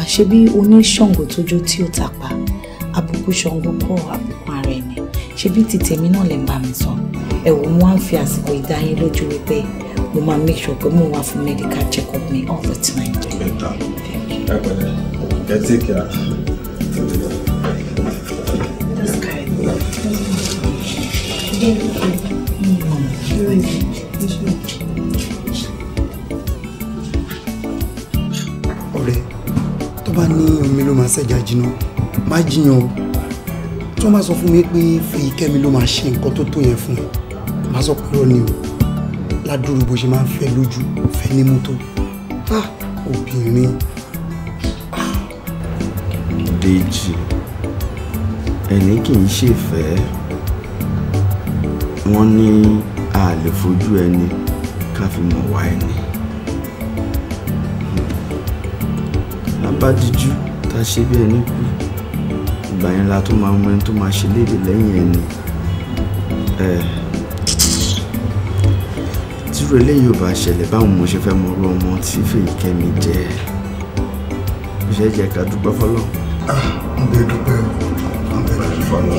àṣebí ah, oníṣàngó tójó tí ó ta àbùkù ṣàngó kọ́ àbùkù ara ẹni ṣebí ti tèmi náà lè ń bá mi sọ ẹ wò mo wá ń fi àsìkò ìdáyín lójú wípé mo máa make sure pé mo wá fún medical check up mi all the time. ẹ pẹ̀lẹ́ ẹ tí kí a. ọ̀rẹ́ tó bá ní omi ló máa ṣẹ̀jà jìnnà má jiyàn o tó máa sọ fún mi pé Fèyíkẹ́mi ló máa ṣe nǹkan tó tó yẹn fún ẹ máa sọ pé irọ́ ni o ládùúrú bó ṣe máa ń fẹ́ lójú fẹ́ ní mọ́tò ah obìnrin. Dèjì ẹni kì í ṣèfẹ́ wọ́n ní a lè fojú ẹni ká fi mọ̀ wá ẹni. abájíjú tá a ṣe bí ẹni kú ìgbà yẹn la tó máa mọ ẹni tó máa ṣe léde lẹ́yìn ẹni tírú eléyìí ò bá ṣẹlẹ̀ báwọn mo ṣe fẹ́ mọ orú ọmọ tí Fèyíkẹ́mi jẹ́ ó ṣe jẹ́ ká dúpẹ́ fọlọ́. n ah, bẹ dúpẹ́ o n bẹ dúpẹ́ fọlọ́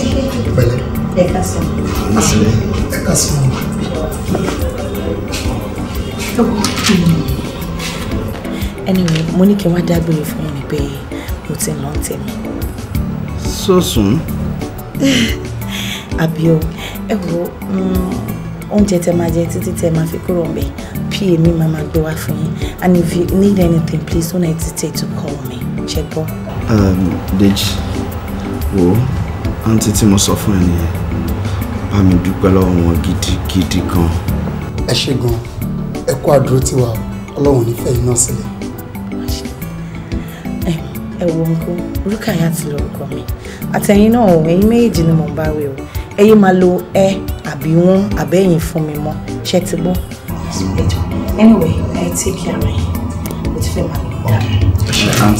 pẹ̀lẹ́. ẹ ká sọ. Ah, ẹ ká sọ. anyway mo ní kí wọ́n dágbére fún mi pé mo ti ń lọ́ọ́ tèmi sọ̀sùn. àbíọ ẹ wo mm, oúnjẹ tẹ máa jẹ títí tẹ máa fi kúrò ń bẹ pa máa máa gbé wá fún yín and if you need anything please don't hesitate to call me ṣe gbọ́. Um, Dèjì wo àǹtí tí mo sọ fún ẹ nìyẹn bá mi dúpẹ́ lọ́wọ́ wọn gidigidi gan. ẹ ṣe gan ẹ kó àdúró tiwa ọlọ́run nífẹ̀ẹ́ iná sílẹ̀. ẹ wo nǹkan Rúkàyà ti lórúkọ mi àtẹ̀yìn náà ẹ̀yin méjì ni mò ń bá wí o ẹ̀yin máa lo ẹ àbí wọn àbẹ́yìn fún mi mọ́ ṣe ti gbọ́. anyway i take care of you mo ti fẹ́ máa lọ.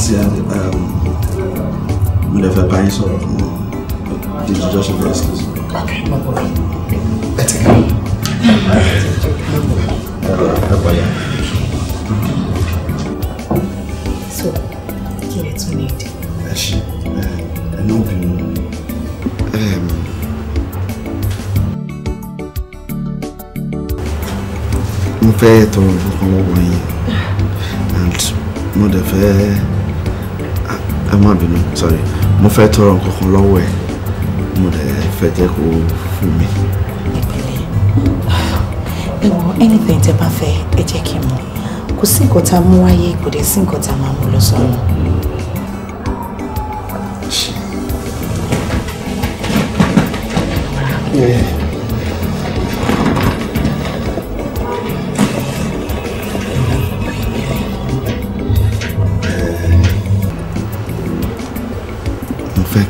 ṣe àǹtí um, mo lè fẹ́ bá yín sọ̀rọ̀ fún mi did you just have excuse me. ẹ ti ẹ bọ̀ ya. so kí lè tún ní ìdí. ẹ ṣe no um, mo fẹ́ tọrọ ìfọkàn lọ́wọ́ and mo dẹ̀ fẹ́ ẹ má bínú sorry mo fẹ́ tọrọ nǹkankan lọ́wọ́ ẹ mo dẹ̀ fẹ́ jẹ́ kó fún mi. ìwọ anything tẹ bá fẹ́ ẹ jẹ́ kí n mọ̀ kò sí nǹkan tá a mú wáyé kò dé sí nǹkan tá a máa mú lọ sọ́run. mo fẹ́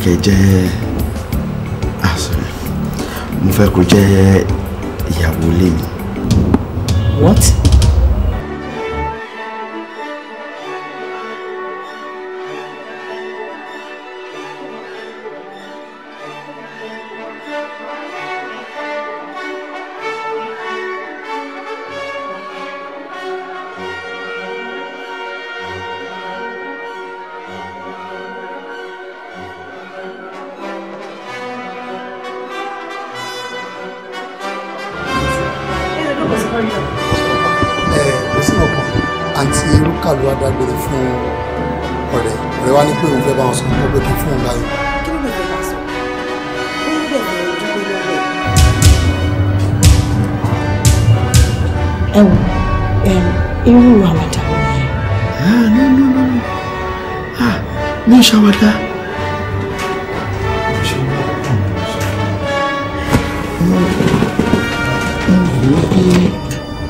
kẹ́ jẹ́ ah, mo fẹ́ kó jẹ́ ìyàwó ilé what? ẹ wò irú àwàdà wo yẹn. Ah, no no no no ah mi ń ṣàwàdà.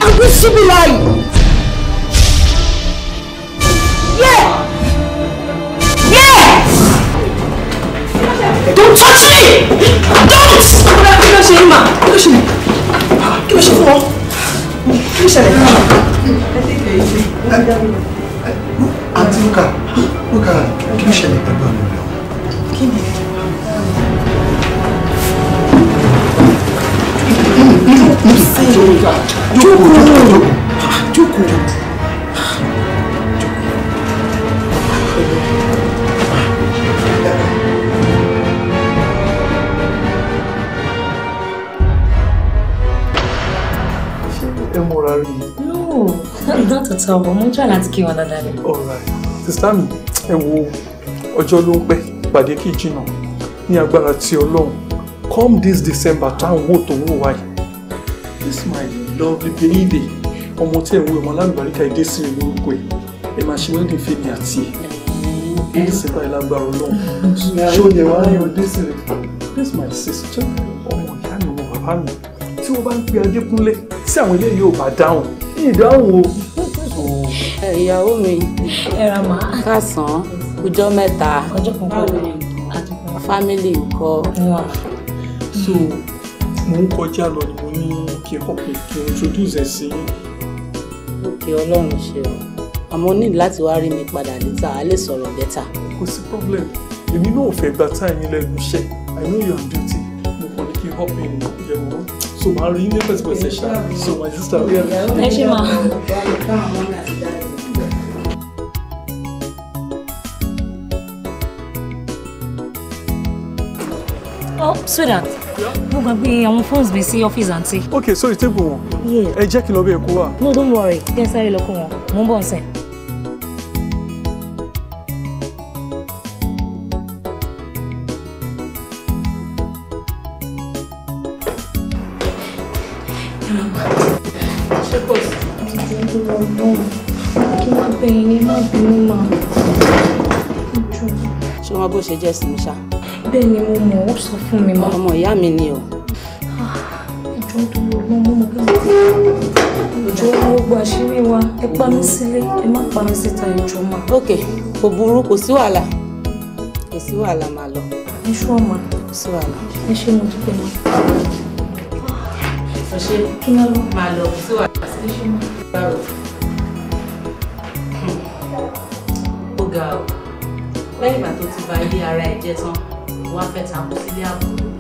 Aku sini Yeah. Yeah. Don't touch me. Don't. Kí ló ṣe ń mà? Kí ló ṣe? Ah, kí ló ṣe fún ọ? kí ṣẹlẹ̀ kí ṣẹlẹ̀. àǹtí Rúkà Rúkà kí ṣẹlẹ̀ pẹ̀lú àwọn ọ̀dọ́. kí ni. jókòó jókòó jókòó. lóòótọ́ ọmọ mo ń láti kí wọn dáadáa ni. alright sista mi ẹ wo ọjọ́ ló ń pẹ́ pàdé kì í jìnnà ní agbára ti ọlọ́run come this december táwọn wò tó ń wò wáyé this my lovely baby ọmọ tí ẹ ń wo ìmọ̀ alágbàríkà èdè sí ìlú orúkọ ẹ ẹ máa ṣe wedding fèmí àti ẹ ní december ìlágbára ọlọ́run ṣó yẹ wá ní ọdún sílẹ̀ this my sister ọmọ ìyá mi ọmọ bàbá mi tí wọ́n bá ń pe adékúnlé tí àwọn ilé yóò bá dáhùn ìdáhùn o ìyàwó mi. ẹ ra màá. kásán ọjọ́ mẹ́ta. ọjọ́ kan so mo ń kọjá lọ ni mo ní kí n kọ́ pé kí n introduce ẹ sí. òkè ọlọ́run ṣe o àmọ́ o ní láti wá rí mi padà níta a lè sọ̀rọ̀ bẹ́tà. kò sí problem èmi náà ò fẹ́ gba táì nílẹ̀ ìmúṣẹ́ i know you are duty mo kàn ní kí n hop in yẹ̀wò so màá rí ní pẹ̀sìpẹ̀sì ṣá so my sister. ẹ ṣe máa. so that mo gbàgbé àwọn phones mi sí ọ́fíìsì àǹtí. ok so you take wọn. ẹ jẹ́ kí n lọ bí èkó wa. no don't worry jẹ́ sáré lọ kó wọn mò ń bọ̀ ń sìn. ṣé wọn bó ṣe jẹ́ sinmi ṣá bẹ́ẹ̀ ni mo mọ̀ ó sọ fún mi mọ́. ọmọ ìyá mi ni o. Ah, ìjọ ń dúró ọgbọ́n mú mi gbọ́dọ̀ ìjọ ń wo gbogbo àṣírí wa ẹ pa mí sílé ẹ má pa mí síta ìjọ mà. ok kò burú kò sí wàhálà kò sí wàhálà máa lọ. ẹ ṣú ọmọ. kò sí wàhálà. ẹ ṣe mo dúpẹ́ mọ́. ọ̀ṣẹ́ kí ló máa lọ kò sí wàhálà sí ṣé mo dúpẹ́ ó ga ọ lẹ́yìn ìgbà tó ti bà ilé ara ẹ̀ jẹ́ tán wá fẹ́ takú sílé àbúrò.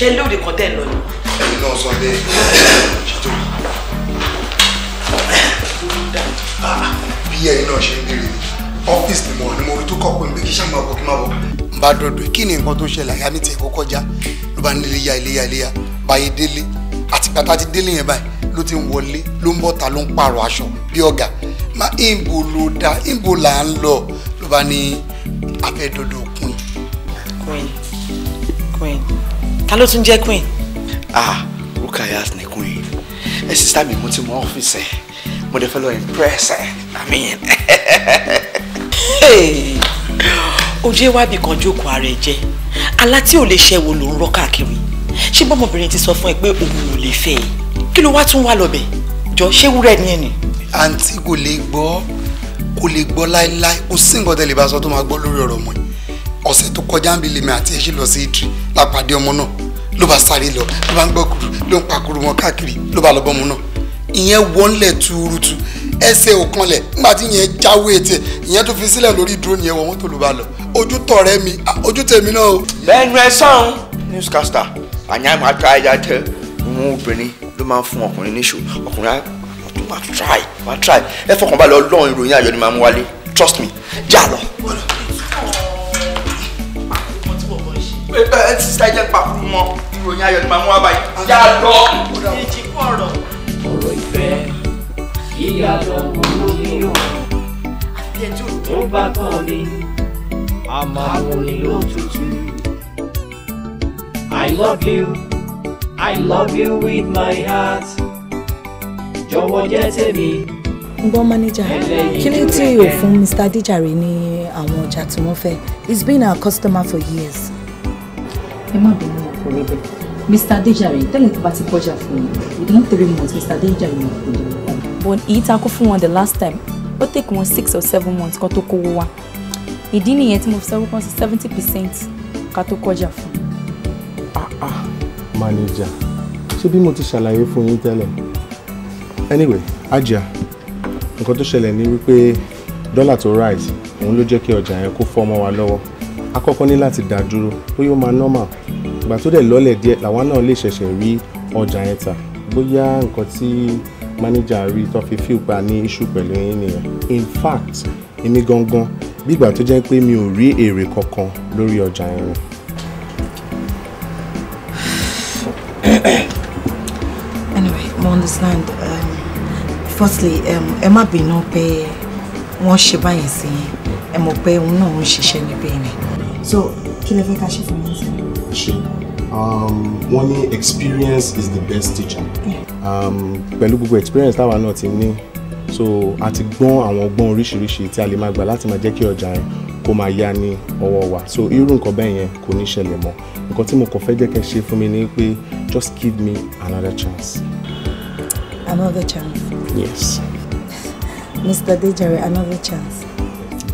ṣe lóde kan tẹ̀ ń lọ ni. ẹni náà sọ bẹ́ẹ̀ ṣètò bí ẹni náà ṣe ń béèrè ọ́fíìsì ni mo wà ní mo rí tó kọ̀ pé n bẹ kí sàmì ọkọ̀ kí má bọ̀. n bá dọ̀dọ̀ kí ni nǹkan tó ṣẹlẹ̀ àyà mi tiẹ̀ kó kọjá ló bá ní iléyà iléyà iléyà báyé délé àtìgbà tá a ti délé yẹn báyìí ló ti ń wọlé ló ń bọ́ta ló ń pààrọ̀ aṣọ bí ọ̀gá má ìbò ló dá ìbò là ń lọ ló bá ní abẹ́dọ̀dọ̀ òkun. ọkùnrin ta ló tún jẹ́ queen. ah Rukayat ni queen ẹ sista mi mo ti mọ ọ́fíìsì ẹ mo dẹ fẹ́ lọ impress ẹ i mean. ojú ewábi kan jókòó ara ẹ jẹ alá tí ò lè ṣe wo ló ń rọ káàkiri ṣé bọ́mọbìnrin ti sọ fún ẹ pé òun ò lè fẹ́ ẹ kí ló wá tún wá lọ́bẹ̀ jọ ṣé wúrẹ́ ni ẹ ni. àǹtí kò lè gbọ́ kò lè gbọ́ láéláé kò sí nǹkan tẹ́lẹ̀ bá sọ tó máa gbọ́ lórí ọ̀rọ̀ mọ́ ọ̀sẹ̀ tó kọjá ń bi lèmi àti ẹṣin lọ sí ìtìrì lápàdé ọmọ náà ló bá sáré lọ ló bá ń gbọ́ kuru ló ń pakuru wọn káàkiri ló bá lọ bọ́mu náà ìyẹn wọ́nlẹ̀ tuurutu ẹsẹ̀ òkanlẹ̀ nígbà tí ìyẹn jáwé etí ìyẹn tó fi sílẹ̀ lórí dúró nìyẹn wọ mọ́tò ló bá lọ ojú tọ̀rẹ́ mi ojú tèmi náà. lẹ́nu ẹ sàn newscaster àyàn máa jẹ ìwọn obìnrin ló máa ń fún ọkùnrin níṣó ọkùnrin àtúntò máa try máa try ẹ fọkànbalẹ̀ ọlọ́run ìròyìn ayọ̀ ni máa mú wálé trust me jà lọ. ẹ ti ṣe jẹ́ pàkúrú mọ́ ìròyìn ayọ̀ ni màá mú wá báyìí. yà á lọ. ọ̀rọ̀. ọ̀rọ̀ ìfẹ́ yíyàtọ̀ kúrú nínú tó bá tán ni àmàlùmí òtútù. I love you, I love you with my heart. Jọ̀wọ́ jẹ́ tèmi. Gbọ́n mánéjà, kí ló tí ò fún Mr. Dijare ní àwọn ọjà tí wọ́n fẹ́? He's been our customer for years ẹ má bínú wọn kò rí bẹ́ẹ̀ mr Adéjàre tẹ́lẹ̀ tó bá ti kọjá fún mi within three months mr Adéjàre wọn kò lè but èyí ta kó fún wọn the last time ó take wọn six or seven months kan tó kówó wá ìdí nìyẹn tí mo fi sọ wípé seventy percent ká tó kọjá fún. ah ah manager ṣé bí mo ti ṣàlàyé fún yín tẹ́lẹ̀ anyway ajá nǹkan tó ṣẹlẹ̀ ni wípé dọ́là tó rise òun ló jẹ́ kí ọjà yẹn kó fọ́ mọ́ wa lọ́wọ́ akọ́kọ́ ní láti dá dúró bóyá ó máa normal ìgbà tó dẹ̀ lọ́lẹ̀ díẹ̀ làwọn náà lè ṣẹ̀ṣẹ̀ rí ọjà yẹn tà bóyá nǹkan tí mánéjà rí tó fi fíl pa ní iṣu pẹ̀lú yín nìyẹn in fact èmi gangan bí ìgbà tó jẹ́ pé mi ò rí èrè kankan lórí ọjà yẹn anyway mo understand um, firstly um, ẹ má bínú pé wọ́n ṣe báyìí sí yín ẹ mọ̀ pé òun náà ń ṣiṣẹ́ níbí ni so kí lè fẹ́ ká ṣe fún yín sí. ṣe wọ́n ní experience is the best teacher um, pẹ̀lú gbogbo experience táwa náà ti ní so a ti gbọ́n àwọn ọgbọ́n oríṣiríṣi tí a lè máa gbà láti máa jẹ́ kí ọjà yẹn kó máa yá ní ọwọ́ wa so irú nǹkan bẹ́ẹ̀ yẹn kò ní ṣẹlẹ̀ mọ́ nǹkan tí mo kàn fẹ́ jẹ́ kẹ́ ṣe fún mi ni pé just give me another chance. another chance. yes. Mr. Dejare, another chance.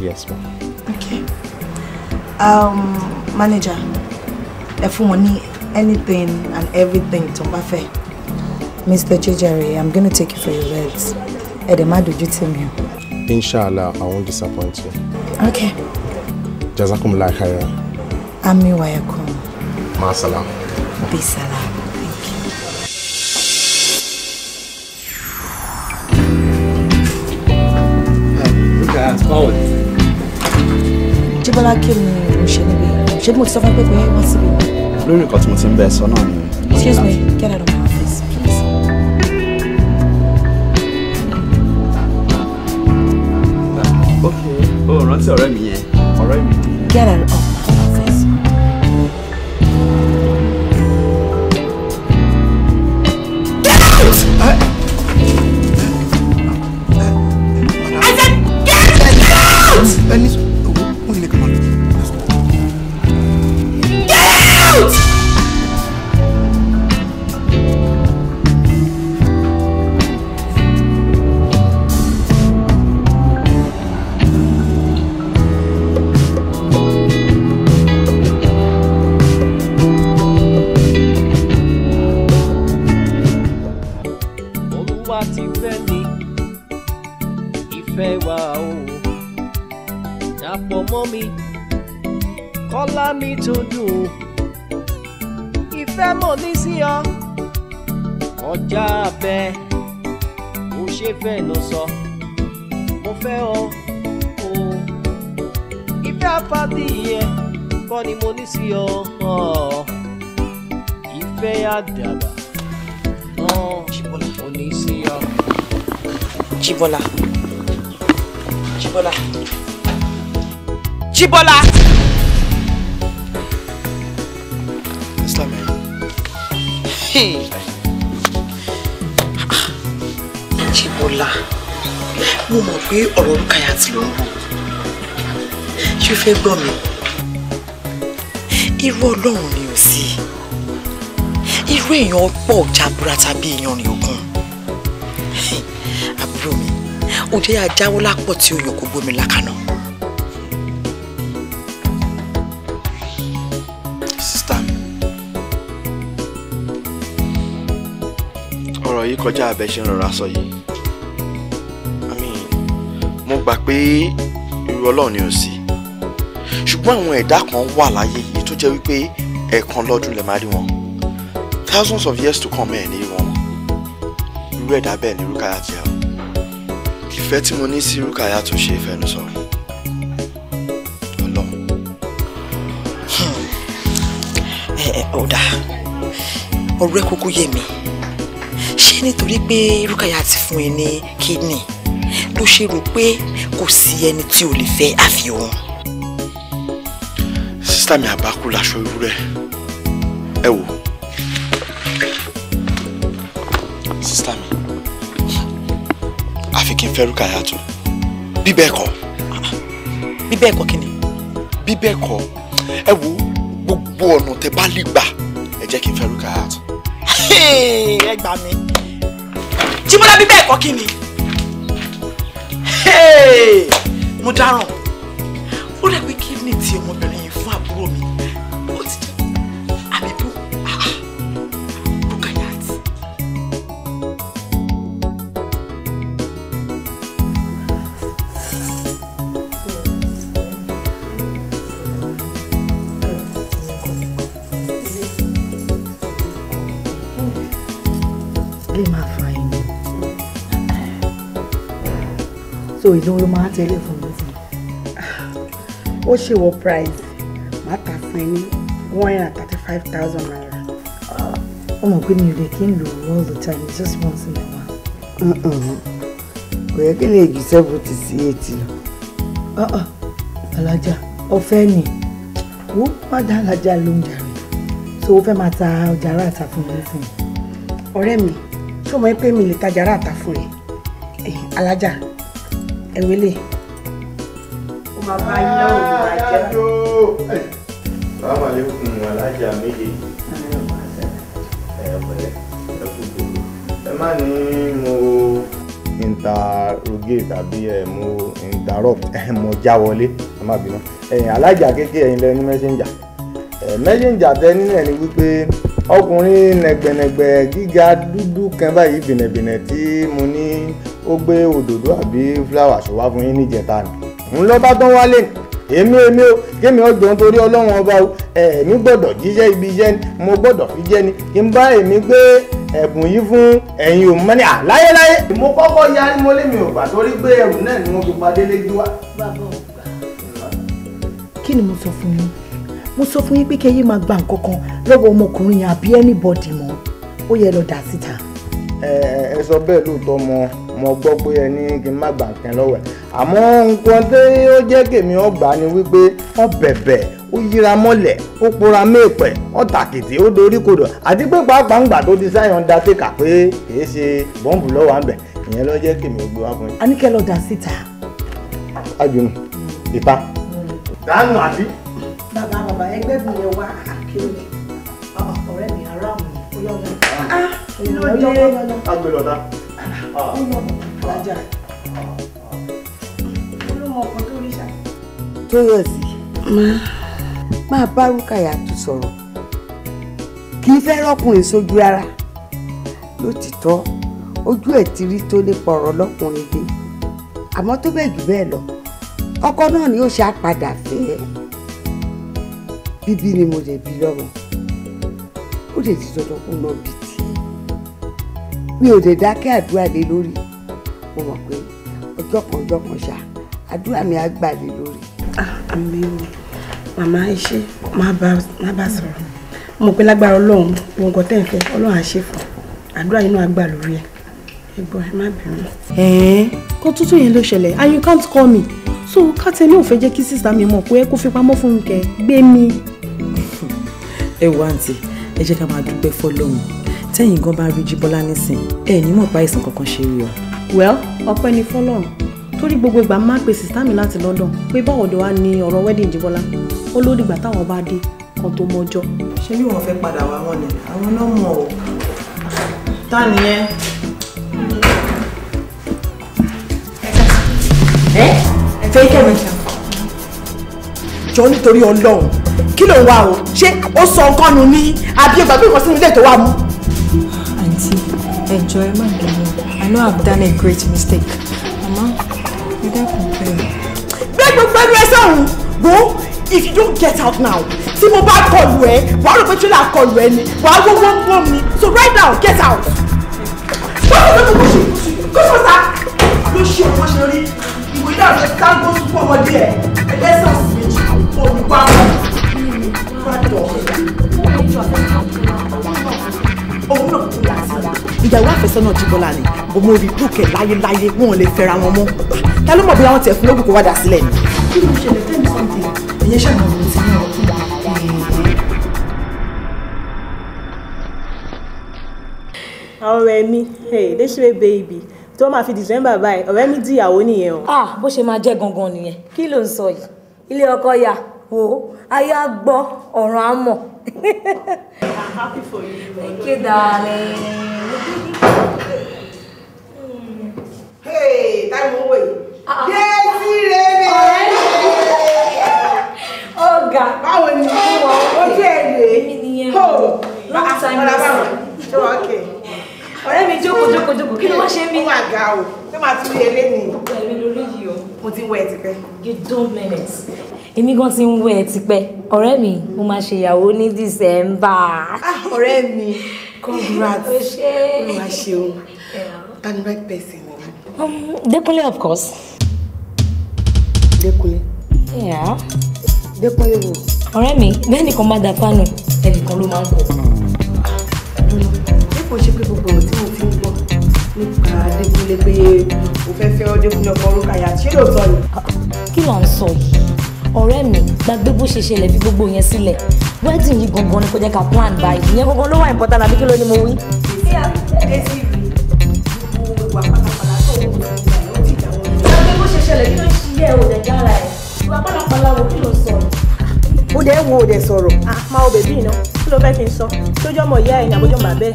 Yes, ma'am. um, manager ẹ fún wọn anything and everything tó buffet. Mr. Jejare, I'm gonna take you for your words. Edema, do you tell me? Inshallah, I won't disappoint you. Okay. Jazakumullah khairan. Ami wa yakum. Ma salam. Be Thank you. Jibola kí ni ṣe níbi ṣé mo ti sọ fún pé kò yẹ síbi. lórí nǹkan tí mo ti ń bẹ sọ náà ni. excuse me get out of my office please. ok o rántí ọ̀rẹ́ mi yẹn ọ̀rẹ́ mi. get out of. Chibola. me. Jíbọ́lá. Jíbọ́lá mo mọ̀ pé ọ̀rọ̀ olùkàyà ti lọ rò ṣé o fẹ́ gbọ́ mi irú ọlọ́run ni ò sí irú èèyàn pọ̀ jaburata bí iyanrìn òkun àbúrò mi òde ajáwó lápọ̀ tí oyún kò gbómi lákàná. kọjá abẹ ṣe ń rọra sọ yìí àmín mo gbà pé irú ọlọ́run ni ò sí ṣùgbọ́n àwọn ẹ̀dá kan wà láyé yìí tó jẹ́ wípé ẹ̀ẹ̀kan lọ́dún lè máa rí wọn thousands of years to come ẹ̀ ní wọn irú ẹ̀dá bẹ́ẹ̀ ni rúkàyà ti hàn ìfẹ́ tí mo ní sí rúkàyà tó ṣe fẹnu sọ ọlọ́run. ẹ ẹ ọ̀dà ọ̀rẹ́ kúkú yé mi ṣé nítorí pé rúkàyà ti fún ẹ ní kidney ló ṣe rò pé kò sí ẹni tí o lè fẹ́ àfi òun. sísá mi àbákú láṣọ ewúrẹ́ ẹ wò. sísá mi àfi kí n fẹ́ rúkàyà tó bí bẹ́ẹ̀ kọ́. bí bẹ́ẹ̀ kọ́ kí ni. bí bẹ́ẹ̀ kọ́ ẹ wo gbogbo ọ̀nà tẹ bá lè gbà ẹ jẹ́ kí n fẹ́ rúkàyà tó. ẹ gbà mí jíbọ́lá bí bẹ́ẹ̀ kọ́ kí ni mo dáràn ó rẹ̀ pé kidney ti ọmọbìnrin yìí fún àbúrò mi so ìlú ló máa tẹ̀lé fún mi. ó ṣe wọ price máa tà fún ẹ ní one hundred thirty five thousand naira. ọmọ pé mi ò lè kí n lò all the time it's just once in a while. kò yẹ kí lè jù seventy sí eighty lọ. Uh-uh. alájà ọ̀fẹ́ ni ó má dá alájà ló ń darí so ó fẹ́ máa ta ọjà aráàta fún mi fún mi. ọ̀rẹ́ mi ṣé o mọ̀ pé mi lè tajà aráàta fún ẹ alájà ẹ̀rọ ilé. ó máa bá yín náà òun máa jẹ́. báwa lè kun alájà méje ẹ̀rọ̀lẹ́ ẹ̀kúkú ẹ má ní mo interrogate tàbí ẹ mo interrupt ẹ mo já wọlé ẹ má bínú ẹ̀yin alájà kékeré ẹ̀yin lẹni messenger mẹ́sẹ̀njà tẹ nínú ẹ̀ ni wípé ọkùnrin nẹ̀gbẹ̀nẹ̀gbẹ̀ gíga dúdú kan báyìí bìnẹ̀bìnẹ̀ tí mo ní ó gbé òdòdó àbí fúláwà ṣọwá fún yín níjẹta nì ń lọ bá tán wálé èmi èmi o kémi ó torí ọlọ́run ọba o ẹ̀mí gbọ́dọ̀ jíṣẹ́ ibi iṣẹ́ ni mo gbọ́dọ̀ fi jẹ́ ni kí n bá èmi gbé ẹ̀bùn yìí fún ẹ̀yin òun mọ́ni àláyéláyé. mo kọ́kọ́ ya ni mi ò gbà torí pé ẹrù náà ni mo fi padé lé gbé wá. kí ni mo sọ fún yín mo sọ fún yín pé kẹ́yìn máa gba nǹkan kan lọ́wọ́ ọmọkùnrin yẹn àbí anybody mọ́ ó yẹ lọ dà síta. ẹ ẹ sọ bẹ́ẹ̀ lóòótọ́ mọ́ mo gbọ́ pé ẹ ní kí n má gbà kẹ́ lọ́wọ́ ẹ̀ àmọ́ nǹkan tí ó jẹ́ kèmi ọgbà ni wípé ó bẹ̀bẹ̀ ó yíra mọ́lẹ̀ ó pora méèpẹ̀ ó tàkìtì ó dorí kodò àti pé pàápàá ńgbà tó ti sáyọ̀ ń da pé kìí ṣe bọ́ǹbù lọ́wọ́ ìyẹn ló jẹ́ wá nínú alájà olómọ ọkọ tó rí ṣá. tóyọ̀sí máa bá rúkàyà tó sọ̀rọ̀ kì í fẹ́ rọ́kùnrin sójú ara lótìtọ́ ojú ẹ̀ ti rí tó lè pọ̀rọ̀ lọ́kùnrin dé àmọ́ tó bẹ́ẹ̀ jù bẹ́ẹ̀ lọ ọkọ náà ni ó ṣe àpadà fẹ́ bíbí ni mo lè bí lọ́rùn ó lè di dandan kó lọ bìí mi ò dé dákẹ́ àdúrà lé lórí mo mọ̀ pé ọjọ́ kan ọjọ́ kan ṣá àdúrà mi á gbà lé lórí. Ah, àmì o màmá iṣẹ́ má bá sọ̀rọ̀ mo pé lágbára ọlọ́run ohun kan tẹ́ ń fẹ́ ọlọ́run á ṣe fún àdúrà yìí náà á gbà lórí ẹ̀ ẹ má bínú. ẹ̀ẹ́n kó tútù yẹn ló ṣẹlẹ̀ and you can't call me so kátẹ́mi ò fẹ́ jẹ́ kí sísá mi mọ̀ pé kó fi pamọ́ fún mi kẹ́ gbé mi. ẹ wo àǹtí ẹ jẹ́ ká máa dúpẹ́ fọlọ́run tẹ́yìn gan bá rí Jíbọ́lá nísìn ẹ ní mọ̀ pa àìsàn kankan ṣe rí o. well ọpẹ́ ni fọ́lọ́run torí gbogbo ìgbà máa pe sìstá mi láti London pé báwo ni wàá ní ọ̀rọ̀ wedding Jíbọ́lá ó ló dìgbà táwọn bá dé kan tó mọ́jọ́. ṣé bí wọn fẹ́ padà wá wọn ni àwọn náà mọ̀ ọ́ ta nìyẹn. ẹ fẹ́ kẹ́mi jọ nítorí Ọlọ́run kí ló ń wá o ṣé ó sọ nǹkan nù ní àbí ìgbàgbé nǹkan sínú ilé tó wà mú àǹtí ẹjọ́ ẹ má I know I've done a great mistake Mama. You don't bẹ́ẹ̀. gbé gbogbo ẹnu ẹ sọ̀rùn wo if you don't get out now see mo bá kọlù ẹ wàá rò pé tí ó là kọlù ẹ ni wàá wó wó wó so right now get out. báwo ló ń Go ṣe kó sọ̀tà ló ṣe ọmọ ṣe rí ìwé náà go ká gbó sùpọ̀ ọmọdé ẹ̀. ìyàwó àfẹ́sọ́nà jíbọ́lá ni bó mo rí dúkẹ́ láyéláyé wọn ò lè fẹ́ra wọn mọ́ ta ló mọ̀ bí àwọn tẹ̀ fún lóògùn wádà sílẹ̀ ni. kí ló ń ṣẹlẹ̀ tẹ́ sọ́ǹtì ẹ̀yẹ ṣàmọ̀ mi ti ní ọkùnrin. ọ̀rẹ́ mi Désiré baby tí wọ́n máa fi December báyìí ọ̀rẹ́ mi dìyàwó nìyẹn o. ah bó ṣe máa jẹ́ gangan nìyẹn kí ló ń sọ yìí ilé ọkọ yà wò ó ayé á gbọ́ ọ̀ràn I'm happy for you. Thank you, darling. hey, táìmù wò yìí. Déètì rẹ̀ ni. Ọ̀gá. Báwo ni wọ́n ah, time no see. Ṣé wàá kẹ̀? ọ̀rẹ́ mi jókòó jókòó jókòó kí ló wá ṣe mí. ó mà ga o ṣé màá tún rí eré nìyí. ẹ̀mí lórí yìí o. mo ti wẹ̀ tipẹ́. you don't mean it èmi gan ti ń wẹ ẹ tipẹ́ ọ̀rẹ́ mi mo máa ṣe ìyàwó ní dísẹmbà. Ah, ọ̀rẹ́ mi congrats o ṣe o máa ṣe o and right person. Um, Dekunle of course. Dekunle. Yeah. Dekunle wo. ọ̀rẹ́ mi bẹ́ẹ̀ nìkan bá da fánù ẹnìkan ló máa ń kọ. dípò ṣe pé gbogbo ohun tí mo ti ń gbọ́ nípa Dekunle pé o fẹ́ fẹ́ Dekunle ọkọ orúkọ àyà ṣé lóòótọ́ ni. kí ló ń sọ yìí ọ̀rẹ́ mi gbàgbé bó ṣe ṣẹlẹ̀ fi gbogbo yẹn sílẹ̀ wedding yìí gangan ni kò jẹ́ ká plan báyìí ìyẹn gangan ló wà important àbí kí ló ní mo wí. ó dẹ̀ wo òdẹ̀ sọ̀rọ̀ máa ọbẹ̀ bí iná kí ló fẹ́ kí n sọ sójú ọmọ ìyá ẹ̀yìn àbójọ́ màbẹ́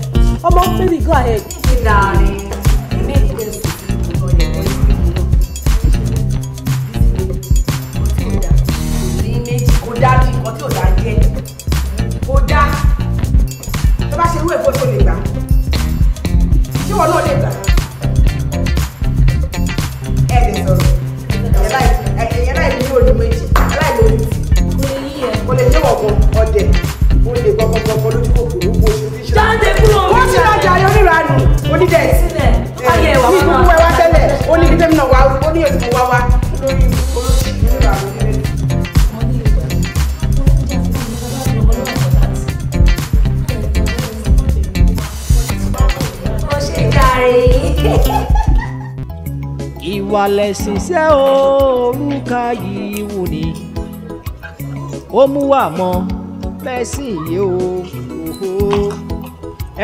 ọmọ baby go ahead. tó bá ṣe irú èkó tó lè gbà ṣé wọn náà lè gbà ẹ lè ìwà lẹ̀sìn ṣẹ́ òrùka yìí wù ní ó mú wà mọ́ lẹ́sìn yìí o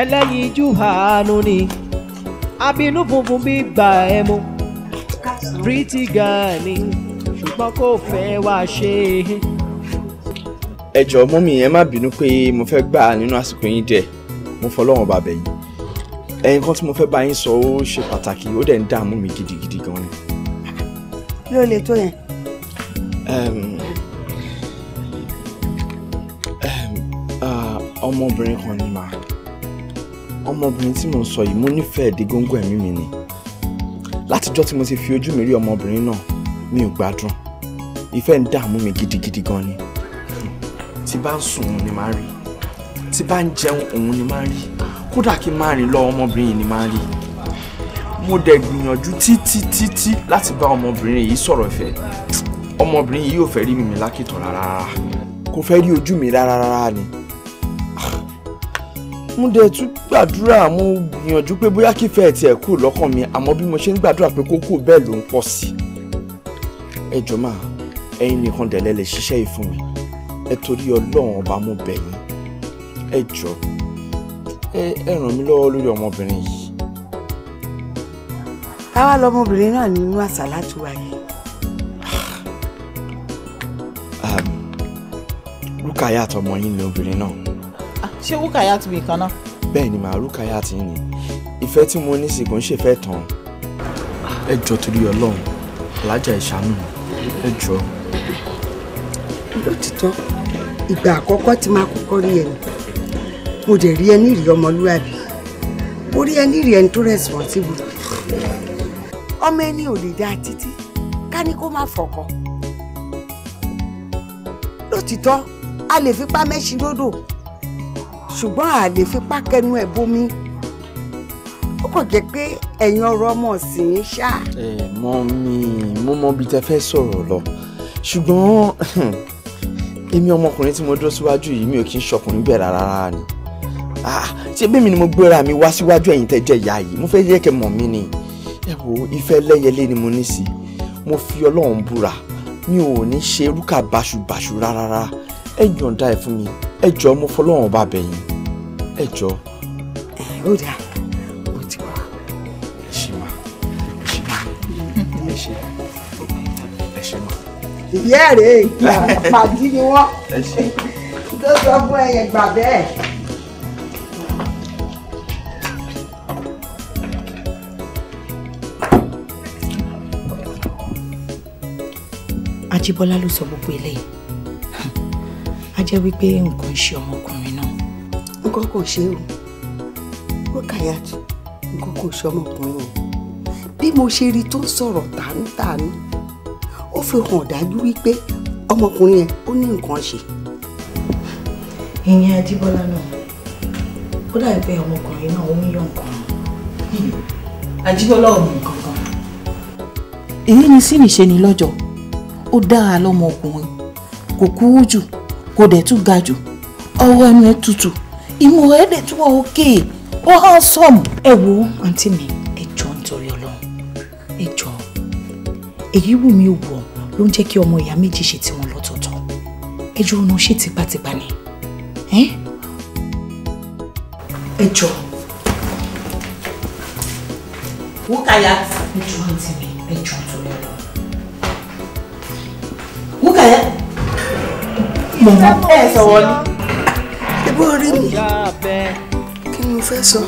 ẹlẹ́yinjú àánú ni abínú funfun bí gbà ẹ mu pretty girl ni ṣùgbọ́n kò fẹ́ wá ṣe é. ẹ jọ̀ọ́ mọ́mì ẹ má bínú pé mo fẹ́ gbà nínú àsìkò yín díẹ̀ mo fọlọ́run bàbẹ̀ yín ẹ nǹkan tí mo fẹ́ bá yín sọ ó ṣe pàtàkì ó dẹ̀ ń dààmú mi gidigidi gan ni. ló lè tó yẹn. ọmọbìnrin kan ni màá ọmọbìnrin tí mo ń sọ yìí mo nífẹ̀ẹ́ dé góńgó ẹ̀mí mi ni látijọ́ tí mo ti fi ojú mi rí ọmọbìnrin náà mi ò gbádùn ìfẹ́ ń dààmú mi gidigidi gan ni tí bá ń sùn òun ni màá rí tí bá ń jẹun òun ni màá rí kódà kí n má rìn lọ ọmọbìnrin yìí ni má rí mo dẹ̀ gbìyànjú títí títí láti bá ọmọbìnrin yìí sọ̀rọ̀ ìfẹ́ ọmọbìnrin yìí ò fẹ́ rí mi lákìtọ̀ rárá kò fẹ́ rí ojú mi rárá rárá ni mo dẹ̀ tún gbàdúrà mo gbìyànjú pé bóyá kífẹ́ ẹ̀ tiẹ̀ kúrò lọ́kàn mi àmọ́ bí mo ṣe ń gbàdúrà pé kókó bẹ́ẹ̀ ló ń pọ̀ sí ẹ jọ̀ọ́ máa ẹ̀yin nìkan dẹ̀lẹ́ ṣiṣẹ́ yìí fún mi ẹ torí ọlọ́run ọba mo bẹ̀ yín ẹ jọ̀ọ́ ẹ ràn mí lọ́wọ́ lórí ọmọbìnrin yìí. káwá lọmọbìnrin náà nínú àṣà láti wáyé. Ah, rúkàyà tọmọ yín ni obìnrin náà. Ah, ṣé rúkàyà ti bì kan náà. bẹ́ẹ̀ ni màá rúkàyà ti ní ìfẹ́ tí mo ní sì kò ń ṣèfẹ́ tán. ẹ jọ torí Ọlọ́run alájà ìṣàánú ẹ jọ. lótìtọ́ ìgbà àkọ́kọ́ tí máa kọ́kọ́ rí ẹ̀ nù kò dẹ̀ rí ẹni ìrì ọmọlúwàbí ó rí ẹni ìrì ẹni tó responsible ọmọ ẹni ò lè dáa títí ká ní kó má fọkọ lótìtọ́ a lè fipá mẹ́sìn lódò ṣùgbọ́n a lè fipá kẹnu ẹ̀ bomi ó kò jẹ́ pé ẹ̀yin ọ̀rọ̀ ọmọ ọ̀sìn ń ṣá. ẹ mọ mi mo mọ ibi tẹ fẹ́ sọ̀rọ̀ lọ ṣùgbọ́n èmi ọmọkùnrin tí mo dúró síwájú yìí mi ò kí ń ṣọkùnrin bẹ́ẹ̀ rárá ni. Ah, ṣé bẹ́ẹ̀ mi ni mo gbéra mi wá síwájú ẹ̀yin tẹ́ ìyá yìí mo fẹ́ yẹ kẹ́ mọ̀ mí ni ẹ wo ìfẹ́ lẹ́yẹlé ni mo ní sí i mo fi ọlọ́run búra mi ò ní ṣe rúkà báṣubàṣu rárá ẹ yọ̀ǹda ẹ fún mi ẹ jọ mo fọlọ́run bá bẹ̀ yín ẹ jọ. ẹ ó dà ó ti wá. ẹ ṣe má ẹ ṣe má ẹ ṣe ẹ ṣe má. ìyá rẹ̀ pàdé ni wọ́n tó sọ fún ẹ̀yẹ̀ gbà bẹ́ẹ̀. Ajíbọ́lá ló sọ gbogbo eléyìí a jẹ́ wípé nǹkan ṣe ọmọkùnrin náà. nǹkan kò ṣe o Rukayat nǹkan kò ṣe ọmọkùnrin o bí mo ṣe rí tó sọ̀rọ̀ tánútánú ó fi hàn dájú wípé ọmọkùnrin yẹn ó ní nǹkan ṣe. ìyẹn Ajíbọ́lá náà ó dàbí pé ọmọkùnrin náà ó ń yọ nǹkan hmm. Ajíbọ́lá ò mú nǹkan kan. èyí ni sí nìṣe ni lọ́jọ́ ó dára lọ́mọkùnrin kò kúrú jù kò dẹ̀ tún ga jù ọ̀rọ̀ ẹnu ẹ̀ tutù ìmọ̀ rẹ̀ dẹ̀ tún wà òkè ó hàn sọ̀mù. ẹ wo àǹtí mi ẹ jọ nítorí Ọlọ́run ẹ jọ èyí wù mí òwò ló ń jẹ́ kí ọmọ ìyá méjì ṣe tiwọn lọ́tọ̀ọ̀tọ̀ ẹ jọ ọ̀nà ṣe tipátipá ni ẹ jọ. wúkàyà ẹ jọ àǹtí mi ẹ jọ. look at it. mọ̀mọ́ ẹ sọ̀rọ̀ ni. ibo orí mi kí ni mo fẹ́ sọ.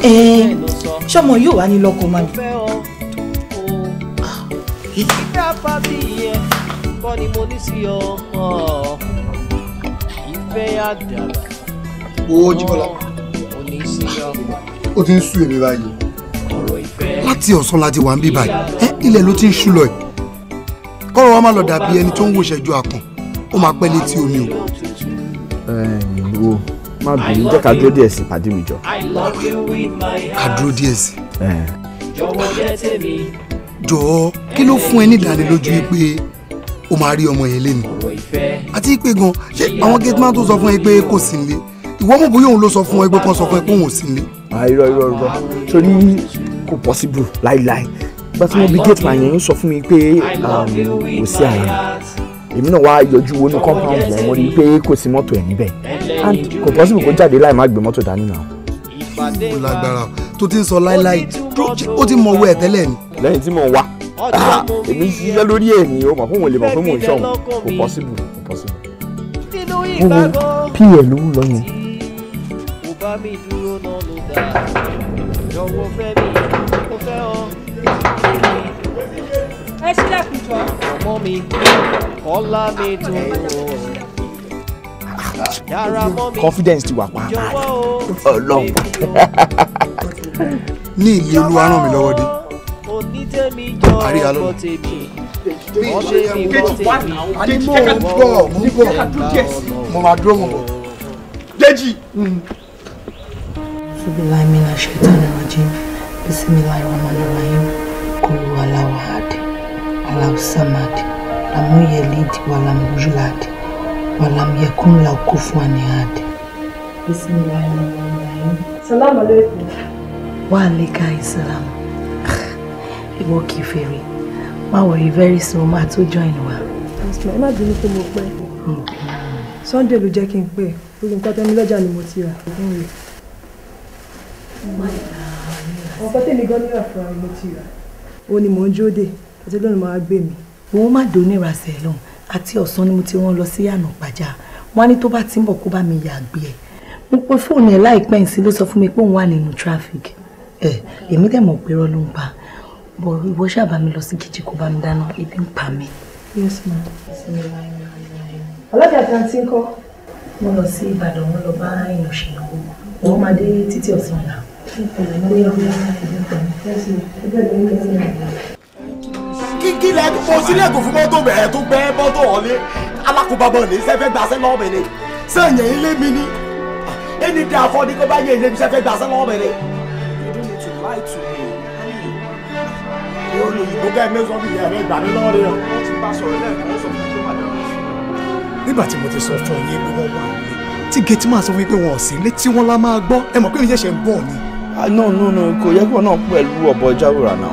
ṣọmọ yóò wá ní lọ́kọ̀ máa ní. Ah, kọ́ ni mo ní sí ọkọ̀ ìfẹ́ àdàbà. owó jíbọ́lá ó ti ń sú èmi báyìí láti ọ̀sán láti wà ń bí báyìí ilẹ̀ ló ti kọ́rọ̀ wa má lọ dàbí ẹni tó ń wò ṣẹ́jú àkàn ó máa pẹ́ létí omi o. wo má bínú jẹ́ ká dúró díẹ̀ sí pàdé mi jọ. ká dúró díẹ̀ sí. jọ̀ọ́ kí ló fún ẹ ní ìdánilójú pé o máa rí ọmọ yẹn lẹ́nu àti pé gan ṣé àwọn gate man tó sọ fún ẹ pé kò sí nílé ìwọ mọ̀ bóyá òun ló sọ fún ẹ pé kan sọ fún ẹ pé òun ò sí nílé. Ah, irọ́ irọ́ irọ́ torí kò possible láíláí gba tí mo bi gate man yẹn sọ fún mi pé um, kò sí àyè èmi náà wá yọjú wo ní oh, compound yẹn mo rí i pé kò sí mọ́tò ẹ̀ níbẹ̀ and kò possible kó jáde láì má gbé mọ́tò dání náà. ó lágbára tó ti ń sọ láíláí ó ti mọ̀ owó ẹ̀ tẹ́lẹ̀ ni. lẹ́yìn tí mò wá ah, èmi ṣiṣẹ́ lórí ẹ̀ ni ó mọ̀ fún òun lè mọ̀ fún mò ń ṣọ̀hún kò possible kò possible. wo pl ló lọ yẹn. ó mi dúró náà ló dáa jọ̀wọ́ ẹ sílẹ̀kùn jọ. ọmọ mi ọlá mi dùn confidence ti wà pa Ọlọ́run ní ìlú olúwa ràn mí lọ́wọ́ dé àríyá lọ́wọ́ mo bọ̀ mo bọ̀ mo máa dúró mo bọ̀ Déjì. ṣùgbọ́n láì la ṣe tán ni wọ́n jí mi. Bismillahirrahmanirrahim. Qul huwallahu ahad. Allahu samad. Lam yalid wa lam yulad wa lam yakun lahu kufuwan ahad. Bismillahirrahmanirrahim. Salam alaikum. Wa alaikum salam. Ìwọ kìí fèrè. Má wọ̀rí very soon máa tó join wa. Ẹ má bínú pé mo pẹ́. Mm-hmm. Sunday ló jẹ́ kí n pè. Gbogbo nǹkan tẹ́mi lọ́jà ni mo ti rà. Mm-hmm. Má yẹ ọ̀pọ̀ tèmi gan ní ọ̀fọ̀ àìmọ ti rà ó ní mò ń jó dé àti lónìí máa gbé mi. òun má dò nira ṣe lọ́hùn àti ọ̀sán ni mo ti wọ́n lọ sí àná pàjá wọn á ní tó bá ti ń bọ̀ kó bá mi yàgbé ẹ̀ mo pe fóònù ẹ̀ láìpẹ́ ìsìn ló sọ fún mi pé òun wà nínú traffic ẹ̀ èmi dẹ̀ mọ̀ pé rọ́ọ̀lù ń pa bọ̀ ìwọ ṣáà bá mi lọ sí kìjì kó bá mi dáná ebi ń pa mi. yes ma ọlọ́jà tí a ti ń kọ́. mo lọ sí Ìbàdàn mo lọ bá èèyàn ṣèlú wọn máa dé títí ọ̀sán yàrá kíkí lẹ mo sílẹ̀kùn fún mọ́tò bẹ̀rẹ̀ tó gbẹ́ mọ́tò ọ̀lẹ́ alákòbábọ̀ ní sẹ́fẹ́ gbàṣẹ́ lọ́wọ́ mi ni sẹ́yìn ilé mi ni ẹni dẹ afọdí kó bá yẹ ilé mi sẹ́fẹ́ gbàṣẹ́ lọ́wọ́ ni. nígbà tí mo ti sọ fún yín pé wọ́n wà ní tí gẹ́tìmá sọ wípé wọn ò sí ilé tí lá máa gbọ́ ẹ mọ̀ pé mi ṣẹ̀ṣẹ̀ ń bọ̀ ni. Ah, no no no kò yẹ kó náà pẹ̀lú ọ̀bọ jáwèrà náà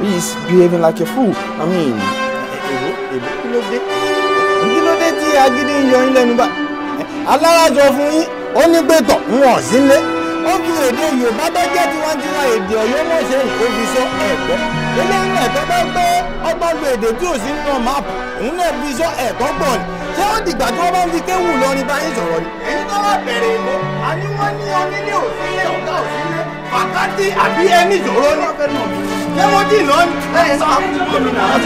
he is behaving like a fool i mean. èbó eh, èbó kí ló dé kí ló dé tí agídí ń yọ yín lẹ́nu bá eh, alárajọ fún yín ó ní pé tọ̀ ń wọ̀n sílé ó fi èdè yorùbá tó jẹ́ tiwantiwa èdè ọ̀yọ́ mọ̀ ṣe ìkóbi sọ ẹ̀gbọ́ eléyìí náà tó bá gbé ọgbọ́n lu èdè tí ò sí nínú máàpù òun náà fi sọ ẹ̀kọ́ gbọ̀n ni ṣé ó dìgbà tí wọ́n bá ń fi kéwù lọ ní báyìí sọ̀rọ̀ ni. èyí tó wà bẹ̀rẹ̀ èkó àní wọ́n ní onílé òfin lé ọ̀gá òfin lé wákàtí àbí ẹni ìṣòro ni jẹ́wọ́dì náà ni ẹ̀ sọ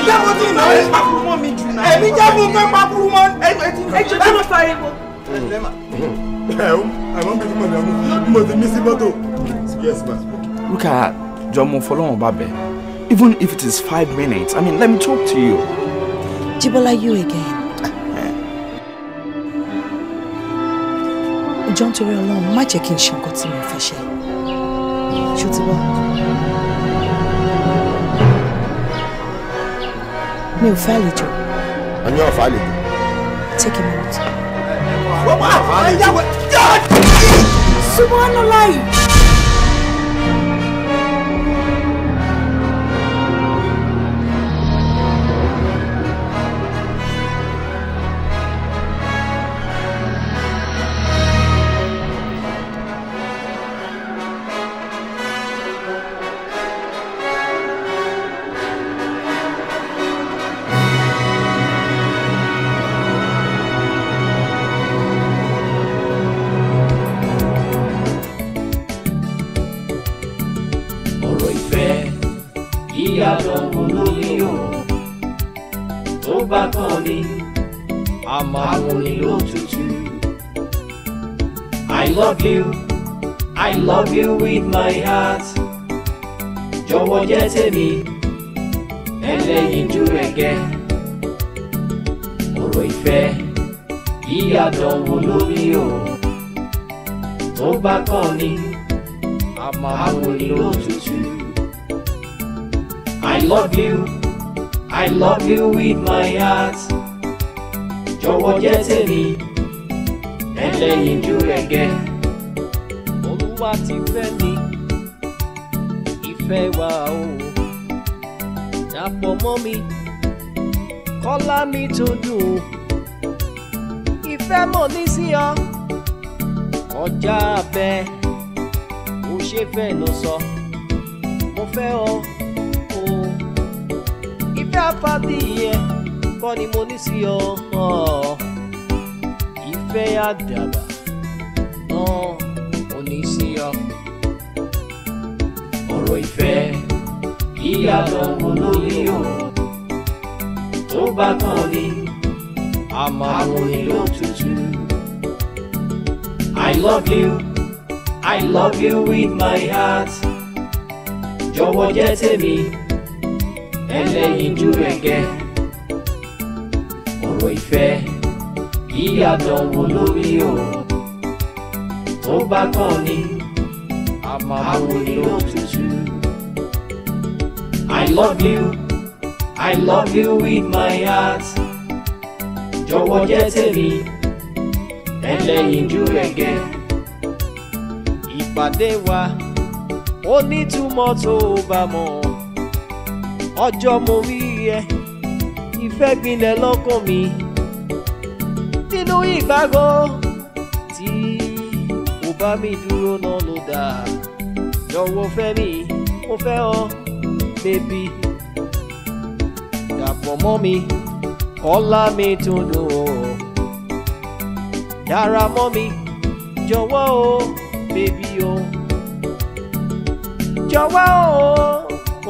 jẹ́wọ́dì náà ni papurumọ́ mi jù náà èmi jẹ́ fún pé papurumọ́ ẹ jẹ́ kí ló fa epo. ẹ o àwọn kìí mọ̀ lẹ́nu mo ti mí sí jọmọ fọlọ́wọ́n bá bẹ̀ even if it is five minutes I mean let me talk to you. Jibola you again. John torí Ọlọ́run má jẹ́ kí n ṣe nǹkan tí mo fẹ́ ṣe ṣó him out. mi you I love you with my heart jọ̀wọ́ jẹ́ tèmi ẹlẹ́yinjú ẹ̀gẹ́ ọ̀rọ̀ ìfẹ́ ìyàdánwò lórí o tó bá kàn ní àwòrán lótùtù I love you I love you with my heart jọ̀wọ́ jẹ́ tèmi ẹlẹ́yinjú ẹ̀gẹ́ wa ti fẹ́ ni ìfẹ́ wa o dàpọ̀ mọ́ mi kọ́lá mi tó dùn ìfẹ́ mọ̀ ní sí ọ ọjà abẹ ó ṣe fẹ́ ló sọ mo fẹ́ ọ o ìfẹ́ àfàdí yẹn kọ́ ni mo ní sí ọ ìfẹ́ àdàbà. gbogbo ìfẹ́ ìyàtọ̀ olóyò tó bá tán ni amóhùn ló I love you, I love you with my heart. Jọ̀wọ́ jẹ́ tèmi, ẹlẹ́yinjú ẹ̀gẹ́. Ọ̀rọ̀ ìfẹ́ ìyàtọ̀ olóyò tó bá tán ni my holy multitude. I love you, I love you with my heart. Jọ̀wọ́ jẹ́ tèmi, ẹlẹ́yinjú ẹ̀gẹ́. Ìpàdé wa, ó nítumọ̀ tó bá mọ̀. Ọjọ́ mo rí ẹ, ìfẹ́ gbilẹ̀ lọ́kàn mi. Nínú ìgbàgbọ́ tí o bá mi dúró náà ló dáa jọ̀wọ́ fẹ́ mi mo fẹ́ ọ bébí dàpọ̀ mọ́ mi ọlá mi tún dùn o dára mọ́ mi jọ̀wọ́ o bébí o jọ̀wọ́ o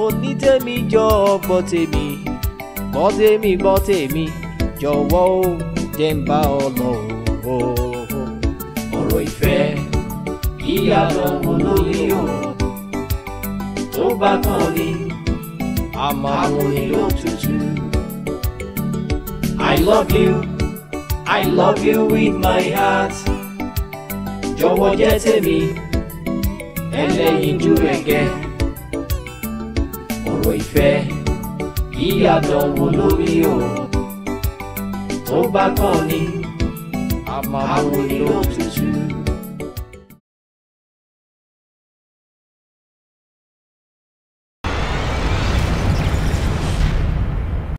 onítẹ̀mí jọ gbọ́ tèmi gbọ́ tèmi gbọ́ tèmi jọ̀wọ́ o jẹ́ ń bá ọ lọ o. ọ̀rọ̀ ìfẹ́ ìyá lọ́wọ́ lórí bá kàn ní amúnilótutù. I love you, I love you with my heart. Jọ̀wọ́ jẹ́ tèmi, ẹlẹ́yinjú ẹ̀gẹ́. Ọ̀rọ̀ ìfẹ́ yíyàtọ̀ wò lórí o. Tó bá kàn ní amúnilótutù.